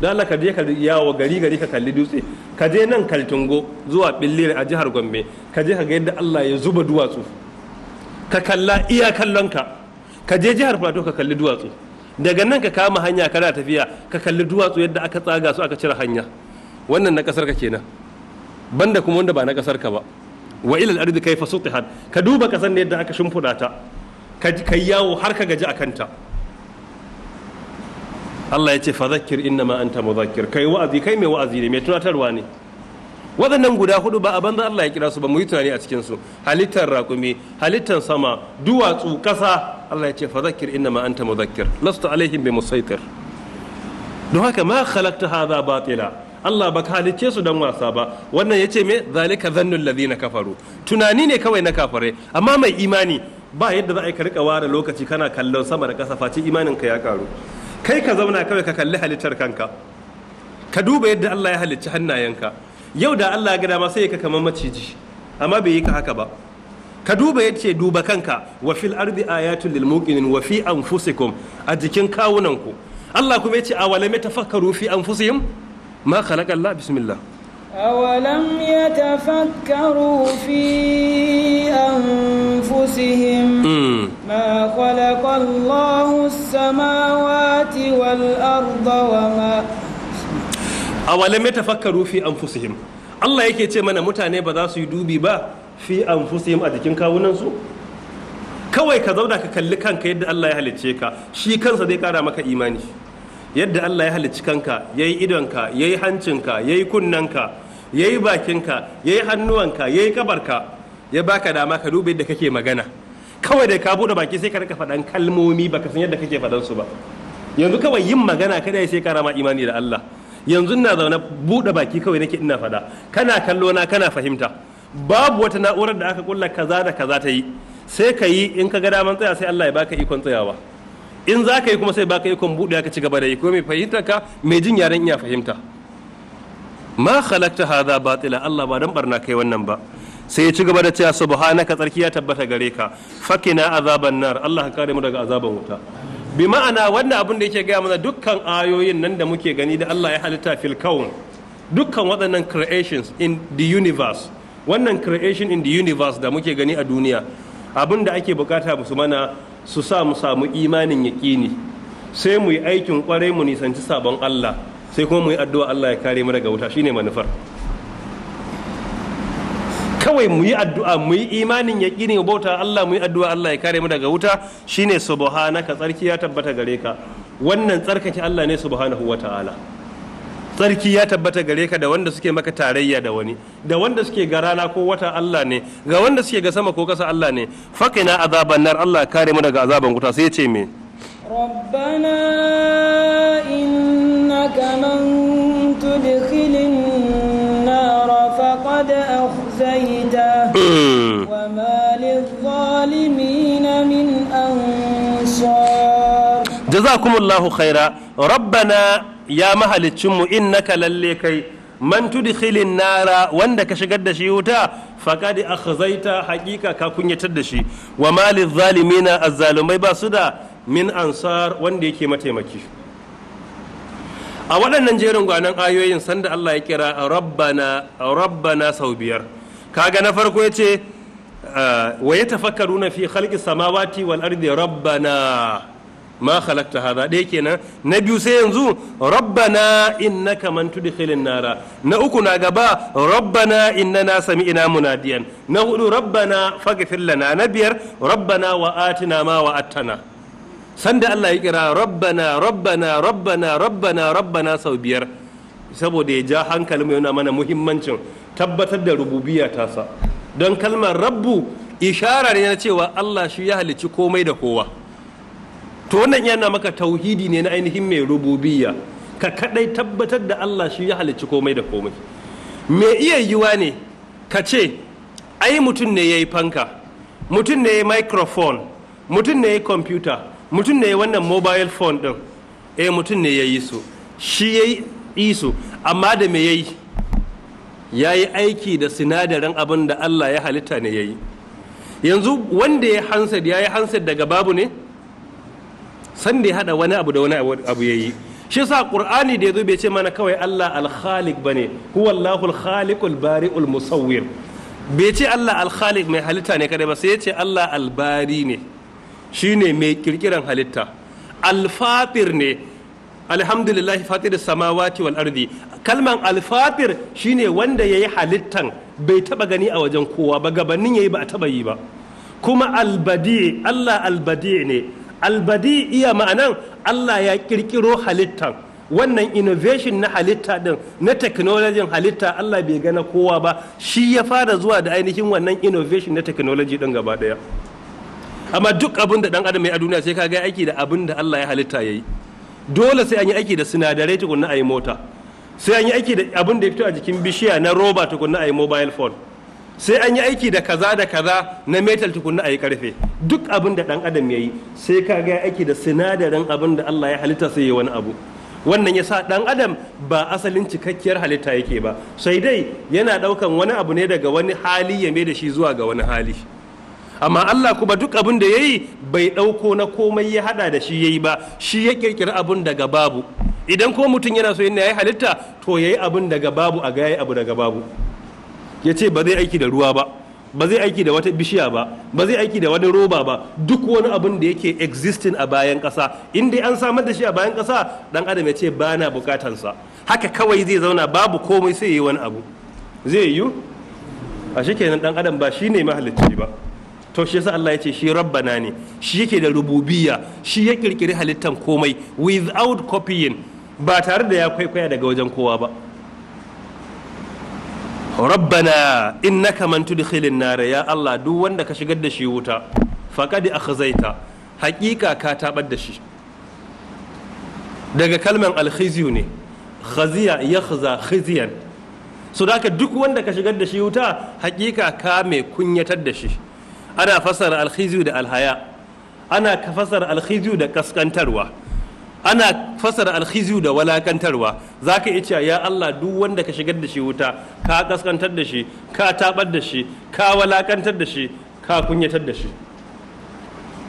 dan Allah ka je ka yawo gari gari ka kalli dutse ka je nan kaltungo zuwa billire a jihar Gombe ka je ka ga yadda Allah ya zuba duwatsu ka kalla iya ka. ka je jihar plateau ka kalli duwatsu daga nan ka kama hanya kana tafiya ka kalli duwatsu yadda aka tsaga su aka cire hanya wannan na kasar ka kenan banda kuma wanda ba na kasar ka ba wa ilal ardi kayfa sutihat ka duba kasar ne yadda aka shimfida ta ka yawo har ka gaji akan ta Allah ya ce inna ma anta mudhakkir kai wa'azi kai mai wa'azi ne mai tunatarwa ne waɗannan guda hudu ba a banza Allah ya kira su ba mu yi tunani a cikin su halittar raƙumi halittar sama duwatsu ƙasa Allah ya ce fadhakkir inna ma anta mudhakkir lasta alaihim bi musaitir don haka ma khalaqta hadha batila Allah ba ka halicce su dan wasa ba wannan yace me zalika dhannul ladina kafaru tunani ne kawai na kafare amma mai imani ba yadda za a yi ka rika ware lokaci kana kallon sama da kasa face imanin ka ya karu kai ka zauna kawai ka kalli halittar kanka ka duba yadda Allah ya halicci hannayenka yau da Allah ya ga dama sai ka kamar maciji amma bai yi ka haka ba ka duba ya ce duba kanka wa fil ardi ayatul lil muqinin wa fi anfusikum a jikin kawunanku Allah kuma ya ce awalam yatafakkaru fi anfusihim ma khalaqa Allah bismillah awalam yatafakkaru fi anfusihim hmm. ma khalaqa Allah as-samawati wal arda wa ma awalam yatafakkaru fi anfusihim Allah yake ce mana mutane ba za su yi dubi ba fi anfusihim a jikin kawunan su kawai ka zauna ka kalli kanka yadda Allah ya halicce ka shi kansa zai kara maka imani yadda Allah ya halicci kanka yi idonka yayi hancinka yayi kunnanka yayi bakinka yayi hannuwanka yayi kabarka ya baka dama ka duba yadda kake magana kawai da ka bude baki sai ka rika faɗan kalmomi baka san yadda kake faɗan su ba yanzu kawai yin magana kada sai ka rama imani da Allah yanzu na zaune bude baki kawai nake ina faɗa kana kallo na kana fahimta babu wata na'urar da aka kulla kaza da kaza ta yi sai ka yi in ka ga daman tsaya sai Allah ya baka ikon tsayawa in za ka yi kuma sai baka ikon buɗe ka ci gaba da yi ko mai fahimta ka mai jin yaren iya fahimta ma khalaqta hadha batila Allah ba dan barna kai wannan ba sai ya ci gaba da cewa subhanaka tsarki ya tabbata gare ka fakina azaban nar Allah ka kare mu daga azaban wuta bi ma'ana wannan abin da yake gaya mana dukkan ayoyin nan da muke gani da Allah ya halitta fil kaun dukkan waɗannan creations in the universe wannan creation in the universe da muke gani a duniya abin da ake bukata musu mana su sa mu samu imanin yaƙini sai mu yi aikin kwarai mu nisanci sabon Allah sai kuma mu yi addu'a Allah ya kare mu daga wuta shine manufar kawai mu yi addu'a mu yi imanin yaƙini wa bauta Allah mu yi addu'a Allah ya kare mu daga wuta shine subhanaka tsarki ya tabbata gare ka wannan tsarkake Allah ne subhanahu wataala tsarki ya tabbata gare ka da wanda suke maka tarayya da wani da wanda suke ga rana ko wata Allah ne ga wanda suke ga sama ko kasa Allah ne fakina azaban nar Allah kare mu daga azaban wuta sai ya ce me rabbana innaka man tudkhilin nar faqad akhzayta hmm. wa ma lidh min ansar jazakumullahu khaira rabbana ya mahalicinmu naka lalle kai man khilin nara wanda ka shigar da shi wuta a akhzaita haqiqa ka kunyatar da shi wa malil zalimina azzalumai ba su da min ansar wanda yake mataimaki a waɗannan jerin gwanan ayoyin sanda Allah ya kira rabbana rabbana sau biyar kaga na farko yace wa yatafakkaruna fi khalqis samawati wal ardi rabbana ma khalaqta haza ɗaya kenan na biyu sai yanzu rabbana innaka man tudkhilin nara na uku na gaba rabbana innana sami'na munadiyan na hudu rabbana faghfir lana na biyar rabbana wa atina ma wa attana sanda Allah ya kira rabbana rabbana rabbana rabbana rabbana sau biyar saboda ya ja hankalin mu yana mana muhimmancin tabbatar da rububiyya tasa don kalmar rabbu ishara ne na cewa Allah shi ya halicci komai da kowa to wannan yana maka tauhidi ne na ainihin mai rububiyya ka kadai tabbatar da Allah shi ya halicci komai da komai me iya yiwa ne ka ce ai mutum ne yayi fanka mutum ne yayi microphone mutum ne yayi computer mutum ne yayi wannan mobile phone din eh mutum ne yayi su shi yayi isu amma da me yayi yayi aiki da sinadarin abin da Allah ya halitta ne yayi yanzu wanda ya hansad yayi hansad daga babu ne san da ya hada wani abu da wani abu yayi shi sa qur'ani da ya zo bai ce mana kawai Allah al-khaliq bane huwa Allahu al-khaliqul bari'ul musawwir bai ce Allah al mai halitta ne kadai ba sai ya ce Allah al-bari ne shine mai kirkiran halitta al ne alhamdulillah fatir samawati wal ardi kalman alfatir shine wanda yayi halittan bai taba gani a wajen kowa ba gabanin yayi ba a taba yi ba kuma al Allah al ne albadi iya ma'anan Allah ya kirkiro halitta. wannan innovation na halitta din na technology halitta Allah bai gana kowa ba shi ya fara zuwa da ainihin wannan innovation na technology din gaba daya amma duk abin dan adam ya a duniya sai ka ga aiki da abin Allah ya halitta yayi dole sai an yi aiki da sinadarai tukunna a yi mota sai an yi aiki da abinda ya fito a jikin bishiya na roba tukunna a yi mobile phone sai an yi aiki da kaza da kaza na metal tukunna a yi karfe duk abin da dan adam ya yi sai ka ga aiki da sinadarin abin da Allah ya halitta sai ya wani abu wannan ya sa dan adam ba asalin cikakkiyar halitta yake ba sai dai yana daukan wani abu ne daga wani hali ya mai da shi zuwa ga wani hali amma Allah kuma duk abin da yi bai dauko na komai ya hada da shi yayi ba shi ya kirkira abun daga babu idan ko mutum yana so yana yi halitta to ya yi abin daga babu a ga yayi abu daga babu ya ce ba zai aiki da ruwa ba ba zai aiki da wata bishiya ba ba zai aiki da wani roba ba duk wani abin da yake existing a bayan kasa. in dai an samar da shi a bayan ƙasa dan adam ya ce ba na bukatansa haka kawai zai zauna babu komai sai yi wani abu zai yi a shi kenan dan adam ba shi ne mahalicci ba to shi yasa Allah ya ce shi rabbana ne shi yake da rububiyya shi ya kirkiri halittan komai without copying ba tare da ya kwaikwaya daga wajen kowa ba rabbana innaka man tudkhilin nara ya Allah duk wanda ka shigar da shi wuta faqad akhzaita haƙiƙa ka tabar da shi daga kalman alkhizyu ne khaziya yakhza khizyan so da duk wanda ka shigar da shi wuta haƙiƙa ka mai kunyatar da shi ana fasara alkhizyu da alhaya ana fasara alkhizyu da kaskantarwa ana fasara alkhizu da walakantarwa za ka iya cewa ya Allah duk wanda ka shigar da shi wuta ka kaskantar da shi ka tabar da shi ka walakantar da shi ka kunyatar da shi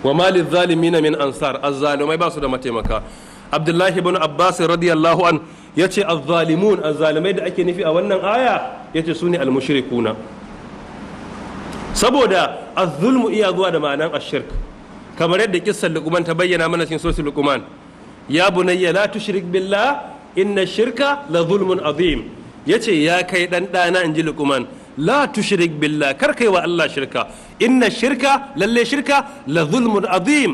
wa malil na min ansar azzalumai ba su da mataimaka abdullahi ibn abbas radiyallahu an yace azzalimun azzalumai da ake nufi a wannan aya yace sune almushrikuna saboda azzulmu iya zuwa da ma'anan ashirk kamar yadda kissan lukuman ta bayyana mana cikin sosai lukuman ya bunayya la tushrik billah inna shirka la zulmun azim yace ya kai dan dana inji luqman la tushrik billah kar kai wa Allah shirka inna shirka lalle shirka la zulmun azim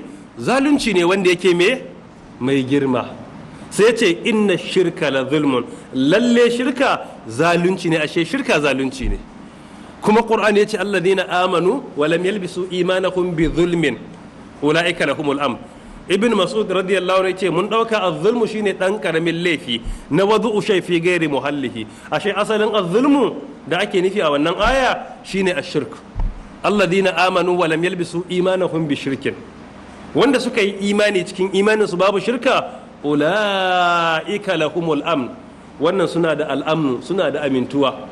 zalunci ne wanda yake me mai girma sai ce inna shirka la zulmun lalle shirka zalunci ne ashe shirka zalunci ne kuma qur'ani yace alladhina amanu wa lam yalbisu imanahum bi zulmin ulaika lahumul amn ibn mas'ud radiyallahu ya ce mun ɗauka azzulmu shine ɗan karamin laifi na wadu'u shay fi ghairi muhallihi ashe asalin Azulmu da ake nufi a wannan aya shine ash-shirk alladhina amanu wa lam yalbisu imanahum bi shirkin wanda suka yi imani cikin imanin su babu shirka ulaika lahumul amn wannan suna da al'amnu suna da amintuwa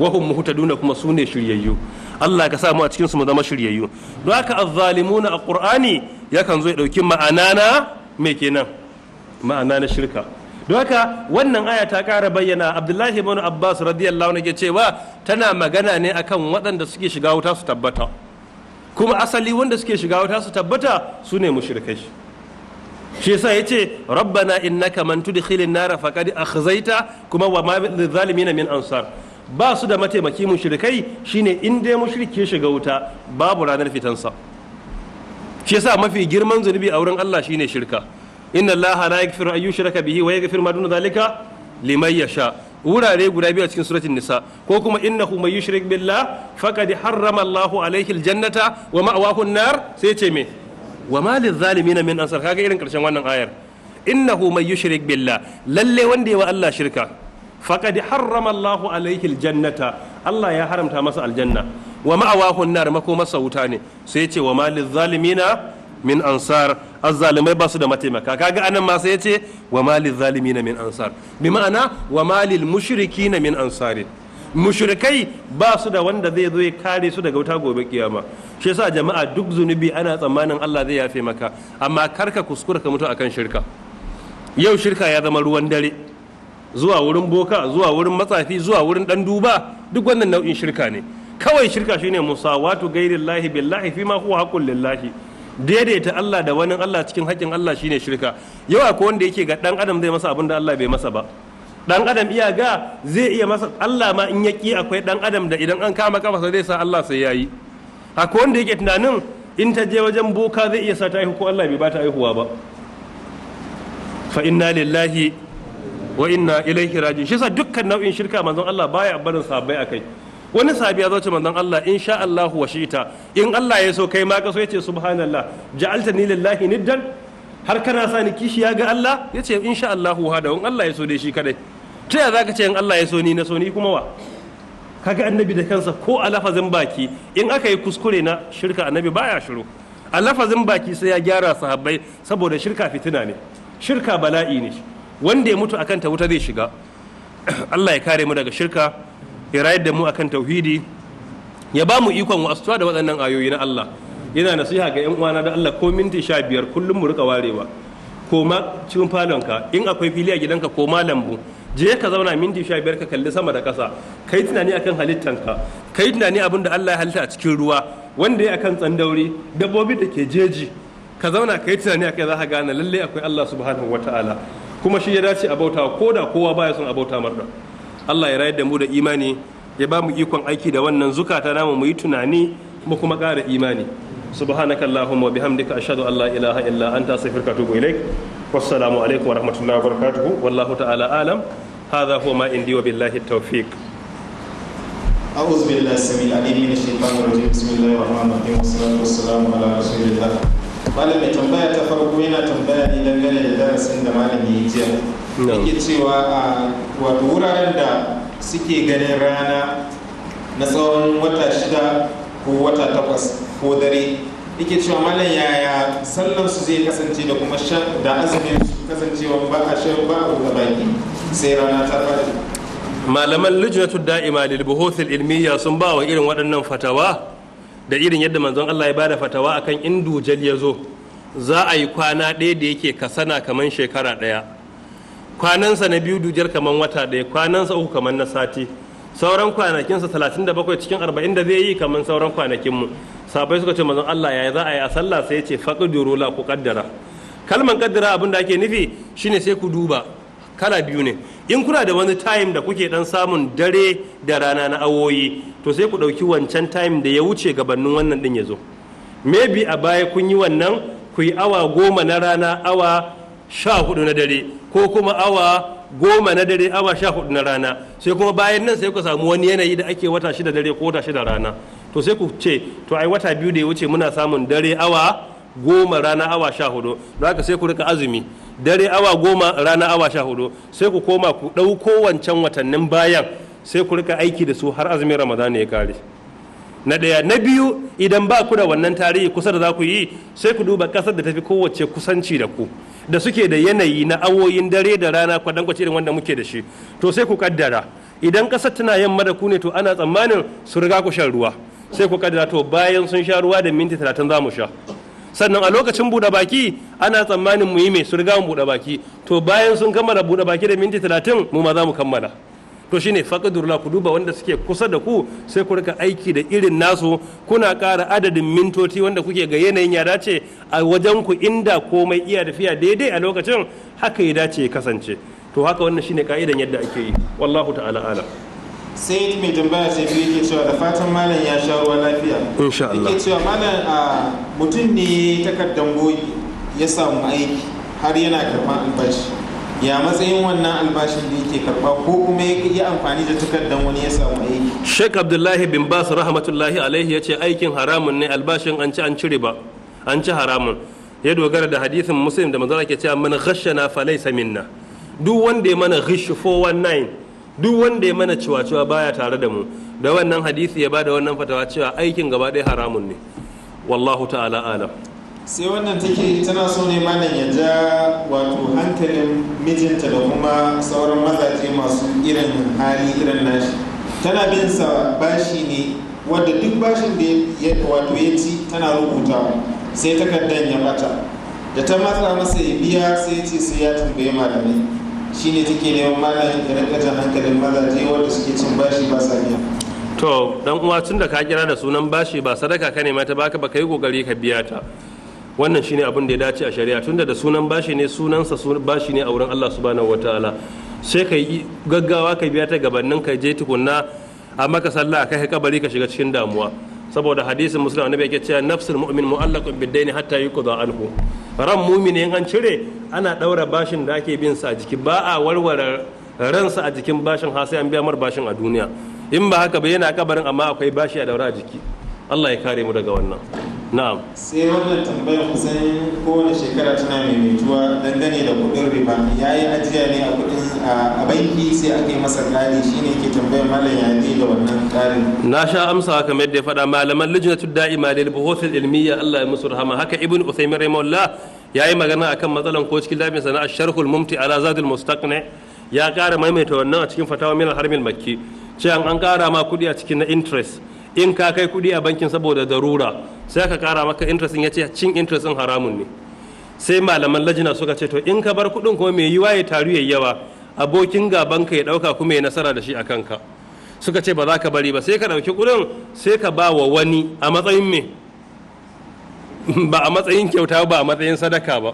wa hum muhtaduna kuma sune shiryayyu Allah ka sa mu a cikin su mu zama shiryayyu don haka azzalimuna a qur'ani yakan zo ya dauki ma'ana na me kenan ma'ana na shirka don haka wannan aya ta kara bayyana Abdullahi ibn Abbas radiyallahu anhu ke cewa tana magana ne akan waɗanda suke shiga wuta su tabbata kuma asali wanda suke shiga wuta su tabbata su ne mushrikai shi yasa ce rabbana innaka man tudkhilin nar faqad akhzaita kuma wa ma min ansar ba su da mataimaki mushrikai shine in dai mushriki ya shiga wuta babu ranar fitansa shi yasa mafi girman zunubi a wurin Allah shine shirka inna Allah la yaghfiru an yushraka bihi wa yaghfiru ma duna zalika liman yasha wurare guda biyu a cikin suratul nisa ko kuma innahu may yushrik billah faqad harrama Allahu alayhi aljannata wa ma'wahu an-nar sai ce me wa ma lizzalimina min ansar kaga irin karshen wannan ayar innahu may yushrik billah lalle wanda wa Allah shirka faqad harrama Allahu alaihi aljannata Allah ya haramta masa aljanna wa ma'awahu nar mako masa wuta ne sai yace wa malil zalimina min ansar azzalimai ba su da mataimaka kaga anan ma sai ce wa malil zalimina min ansar bi ma'ana wa malil mushrikina min ansari mushrikai ba su da wanda zai zo ya kare su daga wuta gobe kiyama shi yasa jama'a duk zunubi ana tsammanin Allah zai yafe maka amma karka kuskura ka mutu akan shirka yau shirka ya zama ruwan dare zuwa wurin boka zuwa wurin matsafi zuwa wurin dan duba duk wannan nau'in shirka ne kawai shirka shine musawatu ghairillahi billahi fi ma huwa haqqul lillahi daidaita Allah da wani Allah cikin haƙƙin Allah shine shirka yawa ko wanda yake ga dan adam zai masa abin da Allah bai masa ba dan adam iya ga zai iya masa Allah ma in yaki akwai dan adam da idan an kama kafa zai sa Allah sai yayi akwai wanda yake tunanin in ta je wajen boka zai iya sa ta aihu ko Allah bai ba ta aihuwa ba fa inna lillahi wa inna ilaihi raji'un shi yasa dukkan nau'in shirka manzon Allah baya barin a kai wani sabi ya zo Manzan manzon Allah in sha Allahu wa shi'ta in Allah ya so kai ma ka so yace subhanallah ja'altani lillahi niddan har kana sa ni kishiya ga Allah yace in sha Allahu hada in Allah ya so dai shi kadai ta ya zaka ce in Allah ya so ni na so ni kuma wa kaga annabi da kansa ko a lafazin baki in aka yi kuskure na shirka annabi baya shiru a lafazin baki sai ya gyara sahabbai saboda shirka fitina ne shirka bala'i ne wanda ya mutu akan ta wuta zai shiga [CLEARS THROAT] Allah ya kare mu daga shirka ya rayar da mu akan tauhidi ya ba mu ikon wasuwa da waɗannan ayoyi na Allah yana nasiha ga yan uwana da Allah ko minti sha biyar kullum mu rika warewa ko ma cikin falonka in akwai fili a gidanka ko ma lambu je ka zauna minti sha biyar ka kalli sama da ƙasa kai tunani akan halittanka kai tunani abin da Allah ya halitta a cikin ruwa wanda ya akan tsandauri dabbobi da ke jeji ka zauna kai tunani akai za ka gane lallai akwai Allah subhanahu wataala kuma shi ya dace a bauta ko da kowa baya son a bauta marda Allah ya rayar da mu da imani ya ba mu ikon aiki da wannan zukata namu mu yi tunani kuma kuma ƙara imani subhanaka allahumma bihamdika ashhadu an la ilaha illa anta astaghfiruka wa atubu ilaik wassalamu alaikum wa rahmatullahi wa barakatuhu wallahu ta'ala alam hadha huwa ma indi wa billahi tawfiq أعوذ بالله السميع العليم من الشيطان الرجيم بسم الله الرحمن الرحيم والصلاة والسلام على رسول الله malam mai tambaya ta farko yana tambaya ne dangane da darasin da malam ya yi jiya yake cewa a wato wuraren da suke ganin rana na tsawon wata shida ko wata takwas ko dare yake cewa malam yaya sallan su zai kasance da kuma shan da azumin su kasancewa ba a shan ba a baki sai rana ta faɗi malaman lijnatu da'ima lil ilmiya sun ba wa irin waɗannan fatawa da irin yadda manzon Allah ya bada fatawa akan in dujal ya zo za a yi kwana ɗaya da yake kasana kaman shekara ɗaya kwanansa na biyu dujal kaman wata ɗaya kwanansa uku kaman na sati sauran kwanakinsa talatin da bakwai cikin arba'in da zai yi kaman sauran kwanakinmu sabai suka ce manzon Allah ya za a yi a sallah sai ya ce faƙi durula ku kaddara kalman kaddara abin da ake nufi shine sai ku duba kala biyu ne in kuna da wani time da kuke dan samun dare da rana na awoyi to sai ku ɗauki wancan time da ya wuce gabanin wannan ɗin ya zo maybe a baya kun yi wannan ku yi awa goma na rana awa sha hudu na dare ko kuma awa goma na dare awa sha hudu na rana sai kuma bayan nan sai ku samu wani yanayi da ake wata shida dare ko wata shida rana to sai ku ce to ai wata biyu da ya wuce muna samun dare awa goma rana awa sha hudu don haka sai ku rika azumi dare awa goma rana awa sha hudu sai ku koma ku ɗauko wancan watannin bayan sai ku rika aiki da su har azumin ramadana ya kare na ɗaya na biyu idan ba ku da wannan tarihi kusa da za ku yi sai ku duba ƙasar da tafi kowace kusanci da ku da suke da yanayi na awoyin dare da rana kwadankwaci irin wanda muke da shi to sai ku kaddara idan ƙasar tana yamma da ku ne to ana tsammanin su riga ku shan ruwa sai ku kaddara to bayan sun sha ruwa da minti talatin za mu sha sannan a lokacin buɗe baki ana tsammanin mu yi mai su mu buɗe baki to bayan sun kammala buɗe baki da minti talatin mu ma za mu kammala to shine faqdurla ku duba wanda suke kusa da ku sai ku rika aiki da irin nasu kuna ƙara adadin mintoci wanda kuke ga yanayin ya dace a wajen ku inda komai iya tafiya daidai a lokacin haka ya dace ya kasance to haka wannan shine ka'idan yadda ake yi wallahu ta'ala alam sai mai tambaya sai biyu ke cewa da fatan malam ya sha ruwa lafiya insha Allah yake cewa malam a mutum ne takardar boyi ya samu aiki har yana karɓar albashi ya matsayin wannan albashin da yake karɓa ko kuma ya amfani da takardar wani ya samu aiki Sheikh Abdullahi bin Bas rahmatullahi alaihi yace aikin haramun ne albashin an ci an cire ba an ci haramun ya dogara da hadisin Muslim da manzara ke cewa man ghashana falaysa minna duk wanda ya mana ghish 419 duk wanda ya mana cewa cewa baya tare da mu da wannan hadisi ya bada wannan fatawa cewa aikin gaba ɗaya haramun ne wallahu ta'ala alam sai wannan take tana so ne ma ya ja wato hankalin mijinta da kuma sauran mazaje masu irin hali irin nashi tana bin sa bashi ne wanda duk bashin da ya wato ya ci tana rubuta, sai takardan ya bata da ta matsa masa ya biya sai ce sai ya tambaye malamai shine take neman malamin da rika jan hankalin mazaje wanda suke cin bashi ba sa biya to dan uwa tun da ka kira da sunan bashi ba sadaka ka nema ta baka ba kai kokari ka biya ta wannan shine abin da ya dace a shari'a tunda da sunan bashi ne sunansa bashi ne a wurin Allah subhanahu wataala sai ka yi gaggawa ka biya ta gabanin ka je tukunna a maka sallah kai kabari ka shiga cikin damuwa saboda hadisin muslim annabi yake cewa nafsul mu'min mu'allaqun bid-dayn hatta yuqda anhu ran mu'mini in an cire ana daura bashin da ake bin sa a jiki ba a warware ransa a jikin bashin har sai an biya mar bashin a duniya in ba haka ba yana kabarin amma akwai bashi a daura a jiki Allah ya kare mu daga wannan na'am sai wannan tambayar kusan kowane shekara tana maimaituwa dangane da kuɗin riba yayi ajiya ne a kuɗin a banki sai aka yi masa kari shine ke tambayar malam ya da wannan karin na sha amsa kamar yadda ya faɗa malaman lijnatu da'ima lil buhuth ilmiya Allah ya musu rahama haka ibn Uthaymeen rahimahullah yi magana akan matsalan ko cikin labin sana'a sharhul mumti ala zadil mustaqni ya kara maimaita wannan a cikin fatawa min al-harmil makki cewa an kara ma kuɗi a cikin na interest in ka kai kuɗi a bankin saboda darura sai ka kara maka interest ya ce cin interest din haramun ne sai malaman lajina suka ce to in ka bar kuɗin kuma mai yiwa ya taru yayi yawa abokin gaban ka ya ɗauka kuma ya nasara da shi a kanka suka ce ba za ka bari ba sai ka ɗauki kuɗin sai ka ba wa wani a matsayin me ba a matsayin kyauta ba a matsayin sadaka ba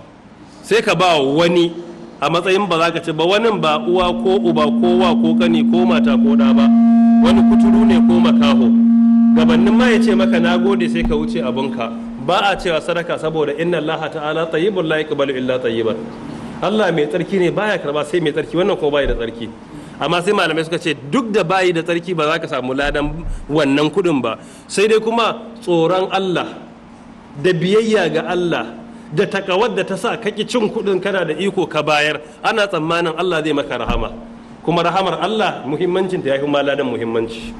sai ka ba wa wani a matsayin ba za ka ce ba wani ba uwa ko uba ko wa ko kani ko mata ko ɗa ba wani kuturu ne ko makaho gabanin ma ya ce maka na gode sai ka wuce abunka ba a cewa sadaka saboda inna allaha ta'ala tayyibun la yaqbalu illa tayyiban Allah mai tsarki ne baya karba sai mai tsarki wannan ko bai da tsarki amma sai malamai suka ce duk da bayi da tsarki ba za ka samu ladan wannan kudin ba sai dai kuma tsoron Allah da biyayya ga Allah da takawar da ta sa ka kaki cin kudin kana da iko ka bayar ana tsammanin Allah zai maka rahama kuma rahamar Allah muhimmancin ta yafi ma ladan muhimmanci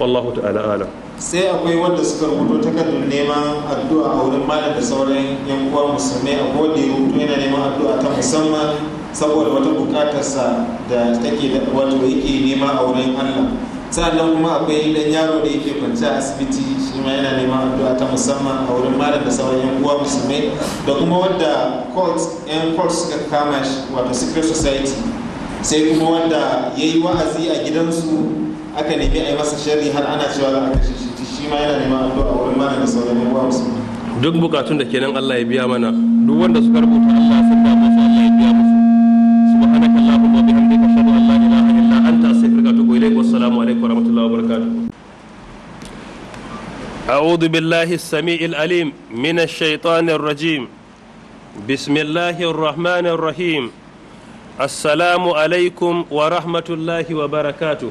wallahu ta'ala sai akwai wanda suka rubuto takardar neman addu'a a wurin malam da sauran yan uwa musulmai a kowane rubutu yana neman addu'a ta musamman saboda wata bukatarsa da take wato yake nema a wurin allah sannan kuma akwai dan yaro da yake kwance a asibiti shi ma yana neman addu'a ta musamman a wurin malam da sauran yan uwa musulmai da kuma wanda court yan court suka kama shi wato secret society sai kuma wanda ya yi wa'azi a gidansu aka nemi a yi masa sharri har ana cewa za a kashe shi shi ma yana neman addu'a wurin mana da sauran uwa musulmi duk bukatun da kenan Allah ya biya mana duk wanda suka rubuta Allah ya san ba أعوذ بالله السميع العليم من الشيطان الرجيم بسم الله الرحمن الرحيم السلام عليكم ورحمة الله وبركاته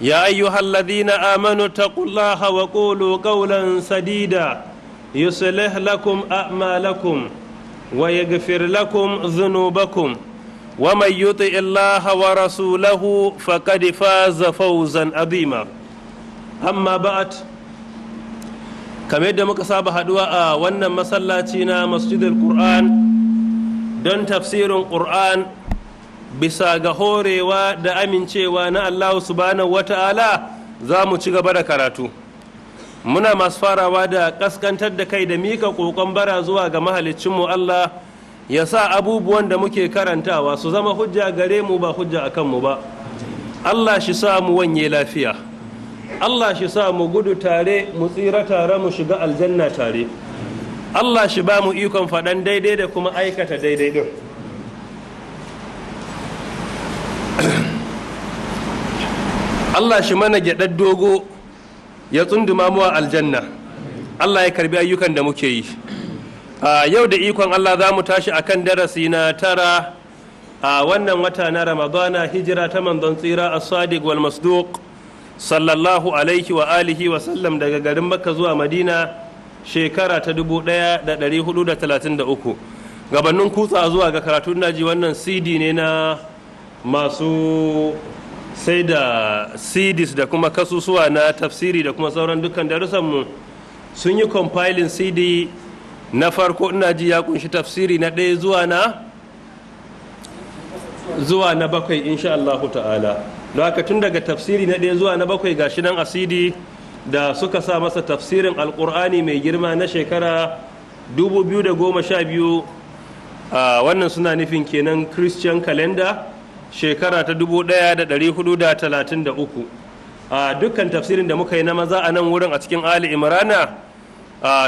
يا أيها الذين آمنوا اتقوا الله وقولوا قولا سديدا يصلح لكم أعمالكم ويغفر لكم ذنوبكم ومن يطع الله ورسوله فقد فاز فوزا عظيما أما بعد kamar yadda muka saba haduwa a wannan masallaci na masjidul qur'an don tafsirin qur'an bisa ga horewa da amincewa na Allah subhanahu ta'ala za mu ci gaba da karatu muna masu farawa da kaskantar da kai da mika kokon bara zuwa ga mahalicinmu Allah ya sa abubuwan da muke karantawa su zama hujja gare mu ba hujja a kanmu ba Allah shi sa mu wanye lafiya Allah shi sa mu gudu tare mu tsira tare mu shiga aljanna tare Allah shi ba mu ikon faɗan daidai da kuma aikata daidai din Allah shi mana gyaɗar dogo ya tsunduma mu a aljanna Allah ya karbi ayyukan da muke yi a yau da ikon Allah za mu tashi a kan darasi na tara a wannan wata na ramadana hijira ta manzon tsira a sadiq wal masduq sallallahu alaihi wa alihi wa sallam daga garin makka zuwa madina shekara ta 1433 gabanin kutsa zuwa ga karatun naji wannan cd ne na masu sai da cds da kuma kasusuwa na tafsiri da kuma sauran dukkan darussanmu sun yi compiling cd na farko ina ji ya kunshi tafsiri na ɗaya zuwa na zuwa na bakwai insha Allah ta'ala da tun daga tafsiri na ɗaya zuwa na bakwai ga shi nan a cd da suka sa masa tafsirin alkur'ani mai girma na shekara 2012 a wannan suna nufin kenan christian calendar shekara ta dubu ɗaya da da ɗari talatin 1433 a dukkan tafsirin da muka yi na maza a nan wurin a cikin ali imrana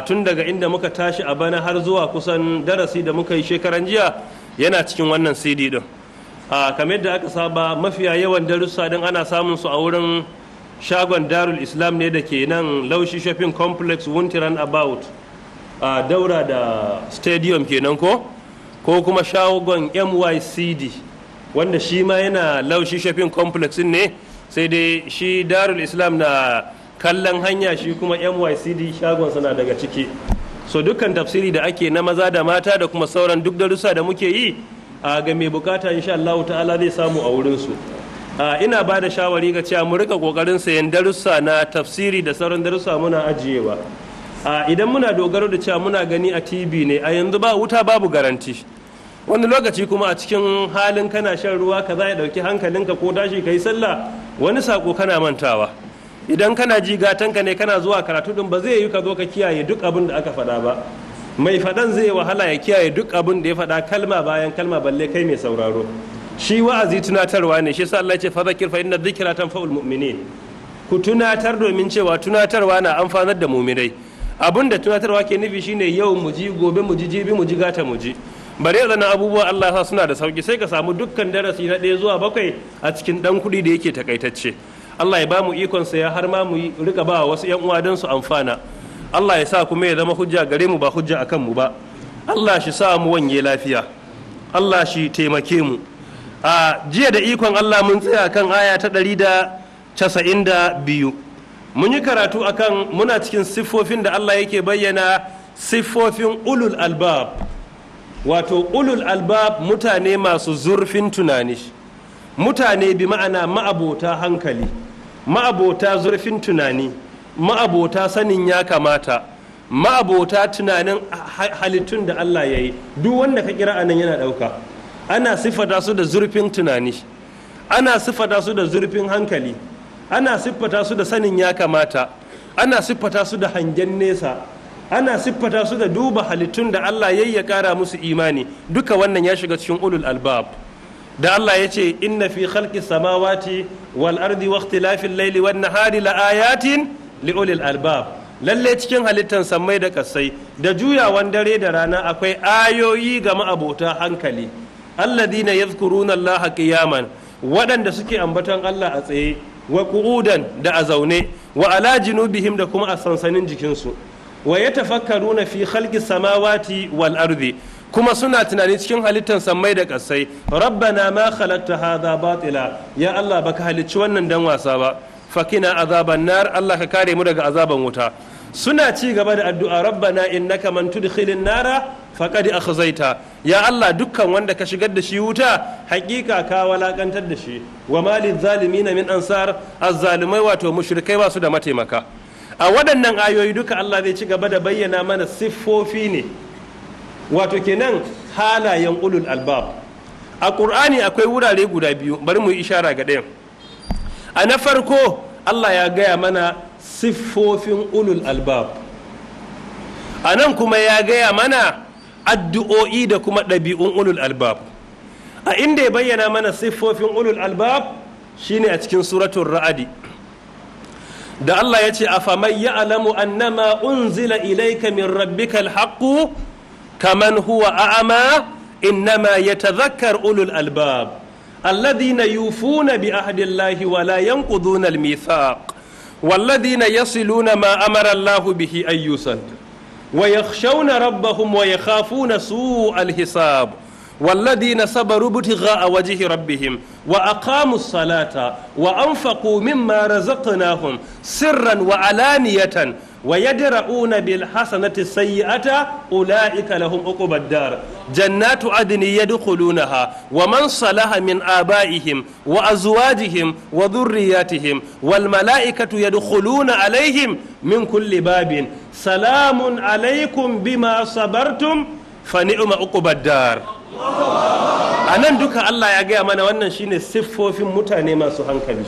tun daga inda muka tashi a bana har zuwa kusan darasi da muka yi shekaran jiya yana cikin wannan cd din a kamar yadda aka saba mafiya yawan darussa din ana samun su a wurin shagon darul islam ne da ke nan laushi shopping complex wuntiran about a daura da stadium kenan ko ko kuma shagon mycd wanda shi ma yana laushi shopping complex ne sai dai shi darul islam na kallon hanya shi kuma mycd shagonsa na daga ciki so dukkan tafsiri da ake na maza da mata da kuma sauran duk darussa da muke yi a ga mai bukata insha Allah ta'ala zai samu a wurin su ina ba da shawari ga cewa mu rika kokarin sayan darussa na tafsiri da sauran darussa muna ajiyewa idan muna dogaro da cewa muna gani a tv ne a yanzu ba wuta babu garanti wani lokaci kuma a cikin halin kana shan ruwa ka za ya ɗauki hankalinka ko tashi ka yi sallah wani sako kana mantawa idan kana ji gatanka ne kana zuwa karatu din ba zai yi ka zo ka kiyaye duk abin da aka faɗa ba mai faɗan zai wahala ya kiyaye duk abin da ya faɗa kalma bayan kalma balle kai mai sauraro shi wa'azi tunatarwa ne shi sa Allah ya ce zakir fa inna dhikra tanfa'ul mu'minin ku tunatar domin cewa tunatarwa na amfanar da muminai abin da tunatarwa ke nufi shine yau mu ji gobe mu ji jibi mu ji gata mu ji bare zana abubuwa Allah sa suna da sauki sai ka samu dukkan darasi na ɗaya zuwa bakwai a cikin ɗan kuɗi da yake takaitacce Allah ya ba mu ikon ya har ma mu rika ba wasu yan uwa don su amfana Allah ya sa kuma ya zama hujja gare mu ba hujja akan mu ba Allah shi sa mu wanye lafiya Allah shi taimake mu a jiya da ikon Allah mun tsaya kan aya ta ɗari da casa'in da biyu mun yi karatu akan muna cikin siffofin da Allah yake bayyana siffofin ulul albab wato ulul albab mutane masu zurfin tunani mutane bi ma'ana ma'abota hankali ma'abota zurfin tunani ma'abota sanin ya kamata ma'abota tunanin halittun da Allah ya yi duk wanda ka kira anan yana ɗauka ana siffata su da zurfin tunani ana siffata su da zurfin hankali ana siffata su da sanin ya kamata ana siffata su da hangen nesa ana siffata su da duba halittun da Allah yayi ya kara musu imani duka wannan ya shiga cikin ulul albab da Allah ya ce inna fi khalqis samawati wal ardi wa ikhtilafil layli wan nahari la ayatin li ulil albab lalle cikin halittan sammai da kasai da juyawan dare da rana akwai ayoyi ga ma'abota hankali alladhina yadhkuruna Allah qiyaman waɗanda suke ambaton Allah a tsaye wa qu'udan da a zaune wa ala junubihim da kuma a sansanin jikinsu wa na fi halki samawati wal ardi kuma suna tunani cikin halittar sammai da ƙasai rabbana ma khalaqta hadha batila ya Allah baka halicci wannan dan wasa ba fakina azaban nar Allah ka kare mu daga azaban wuta suna ci gaba da addu'a rabbana innaka man tudkhilin nara faqad akhzaita ya Allah dukkan wanda ka shigar da shi wuta hakika ka walakantar da shi wa malil zalimin min ansar azzalimai wato mushrikai ba su da mataimaka a waɗannan ayoyi duka Allah zai ci gaba da bayyana mana siffofi ne wato kenan halayen ulul albab a ƙur'ani akwai wurare guda biyu bari mu yi ishara ga ɗayan a na farko Allah ya gaya mana siffofin ulul albab a nan kuma ya gaya mana addu'o'i da kuma ɗabi'un ulul albab a inda ya bayyana mana siffofin ulul albab shine a cikin suratun ra'adi da Allah ya ce afamai ya alamu annama unzila ilaika min rabbika alhaqu kaman huwa a'ama innama yatadhakkar ulul albab alladhina yufuna bi ahdillahi wa la yanquduna almithaq والذين يصلون ما أمر الله به أن يصل ويخشون ربهم ويخافون سوء الحساب والذين صبروا ابتغاء وجه ربهم وأقاموا الصلاة وأنفقوا مما رزقناهم سرا وعلانية ويدرؤون بالحسنة السيئة أولئك لهم عقبى الدار جنات عدن يدخلونها ومن صلح من آبائهم وأزواجهم وذرياتهم والملائكة يدخلون عليهم من كل باب سلام عليكم بما صبرتم فنعم عقبى الدار a nan duka allah ya gaya mana wannan shine siffofin mutane masu hankali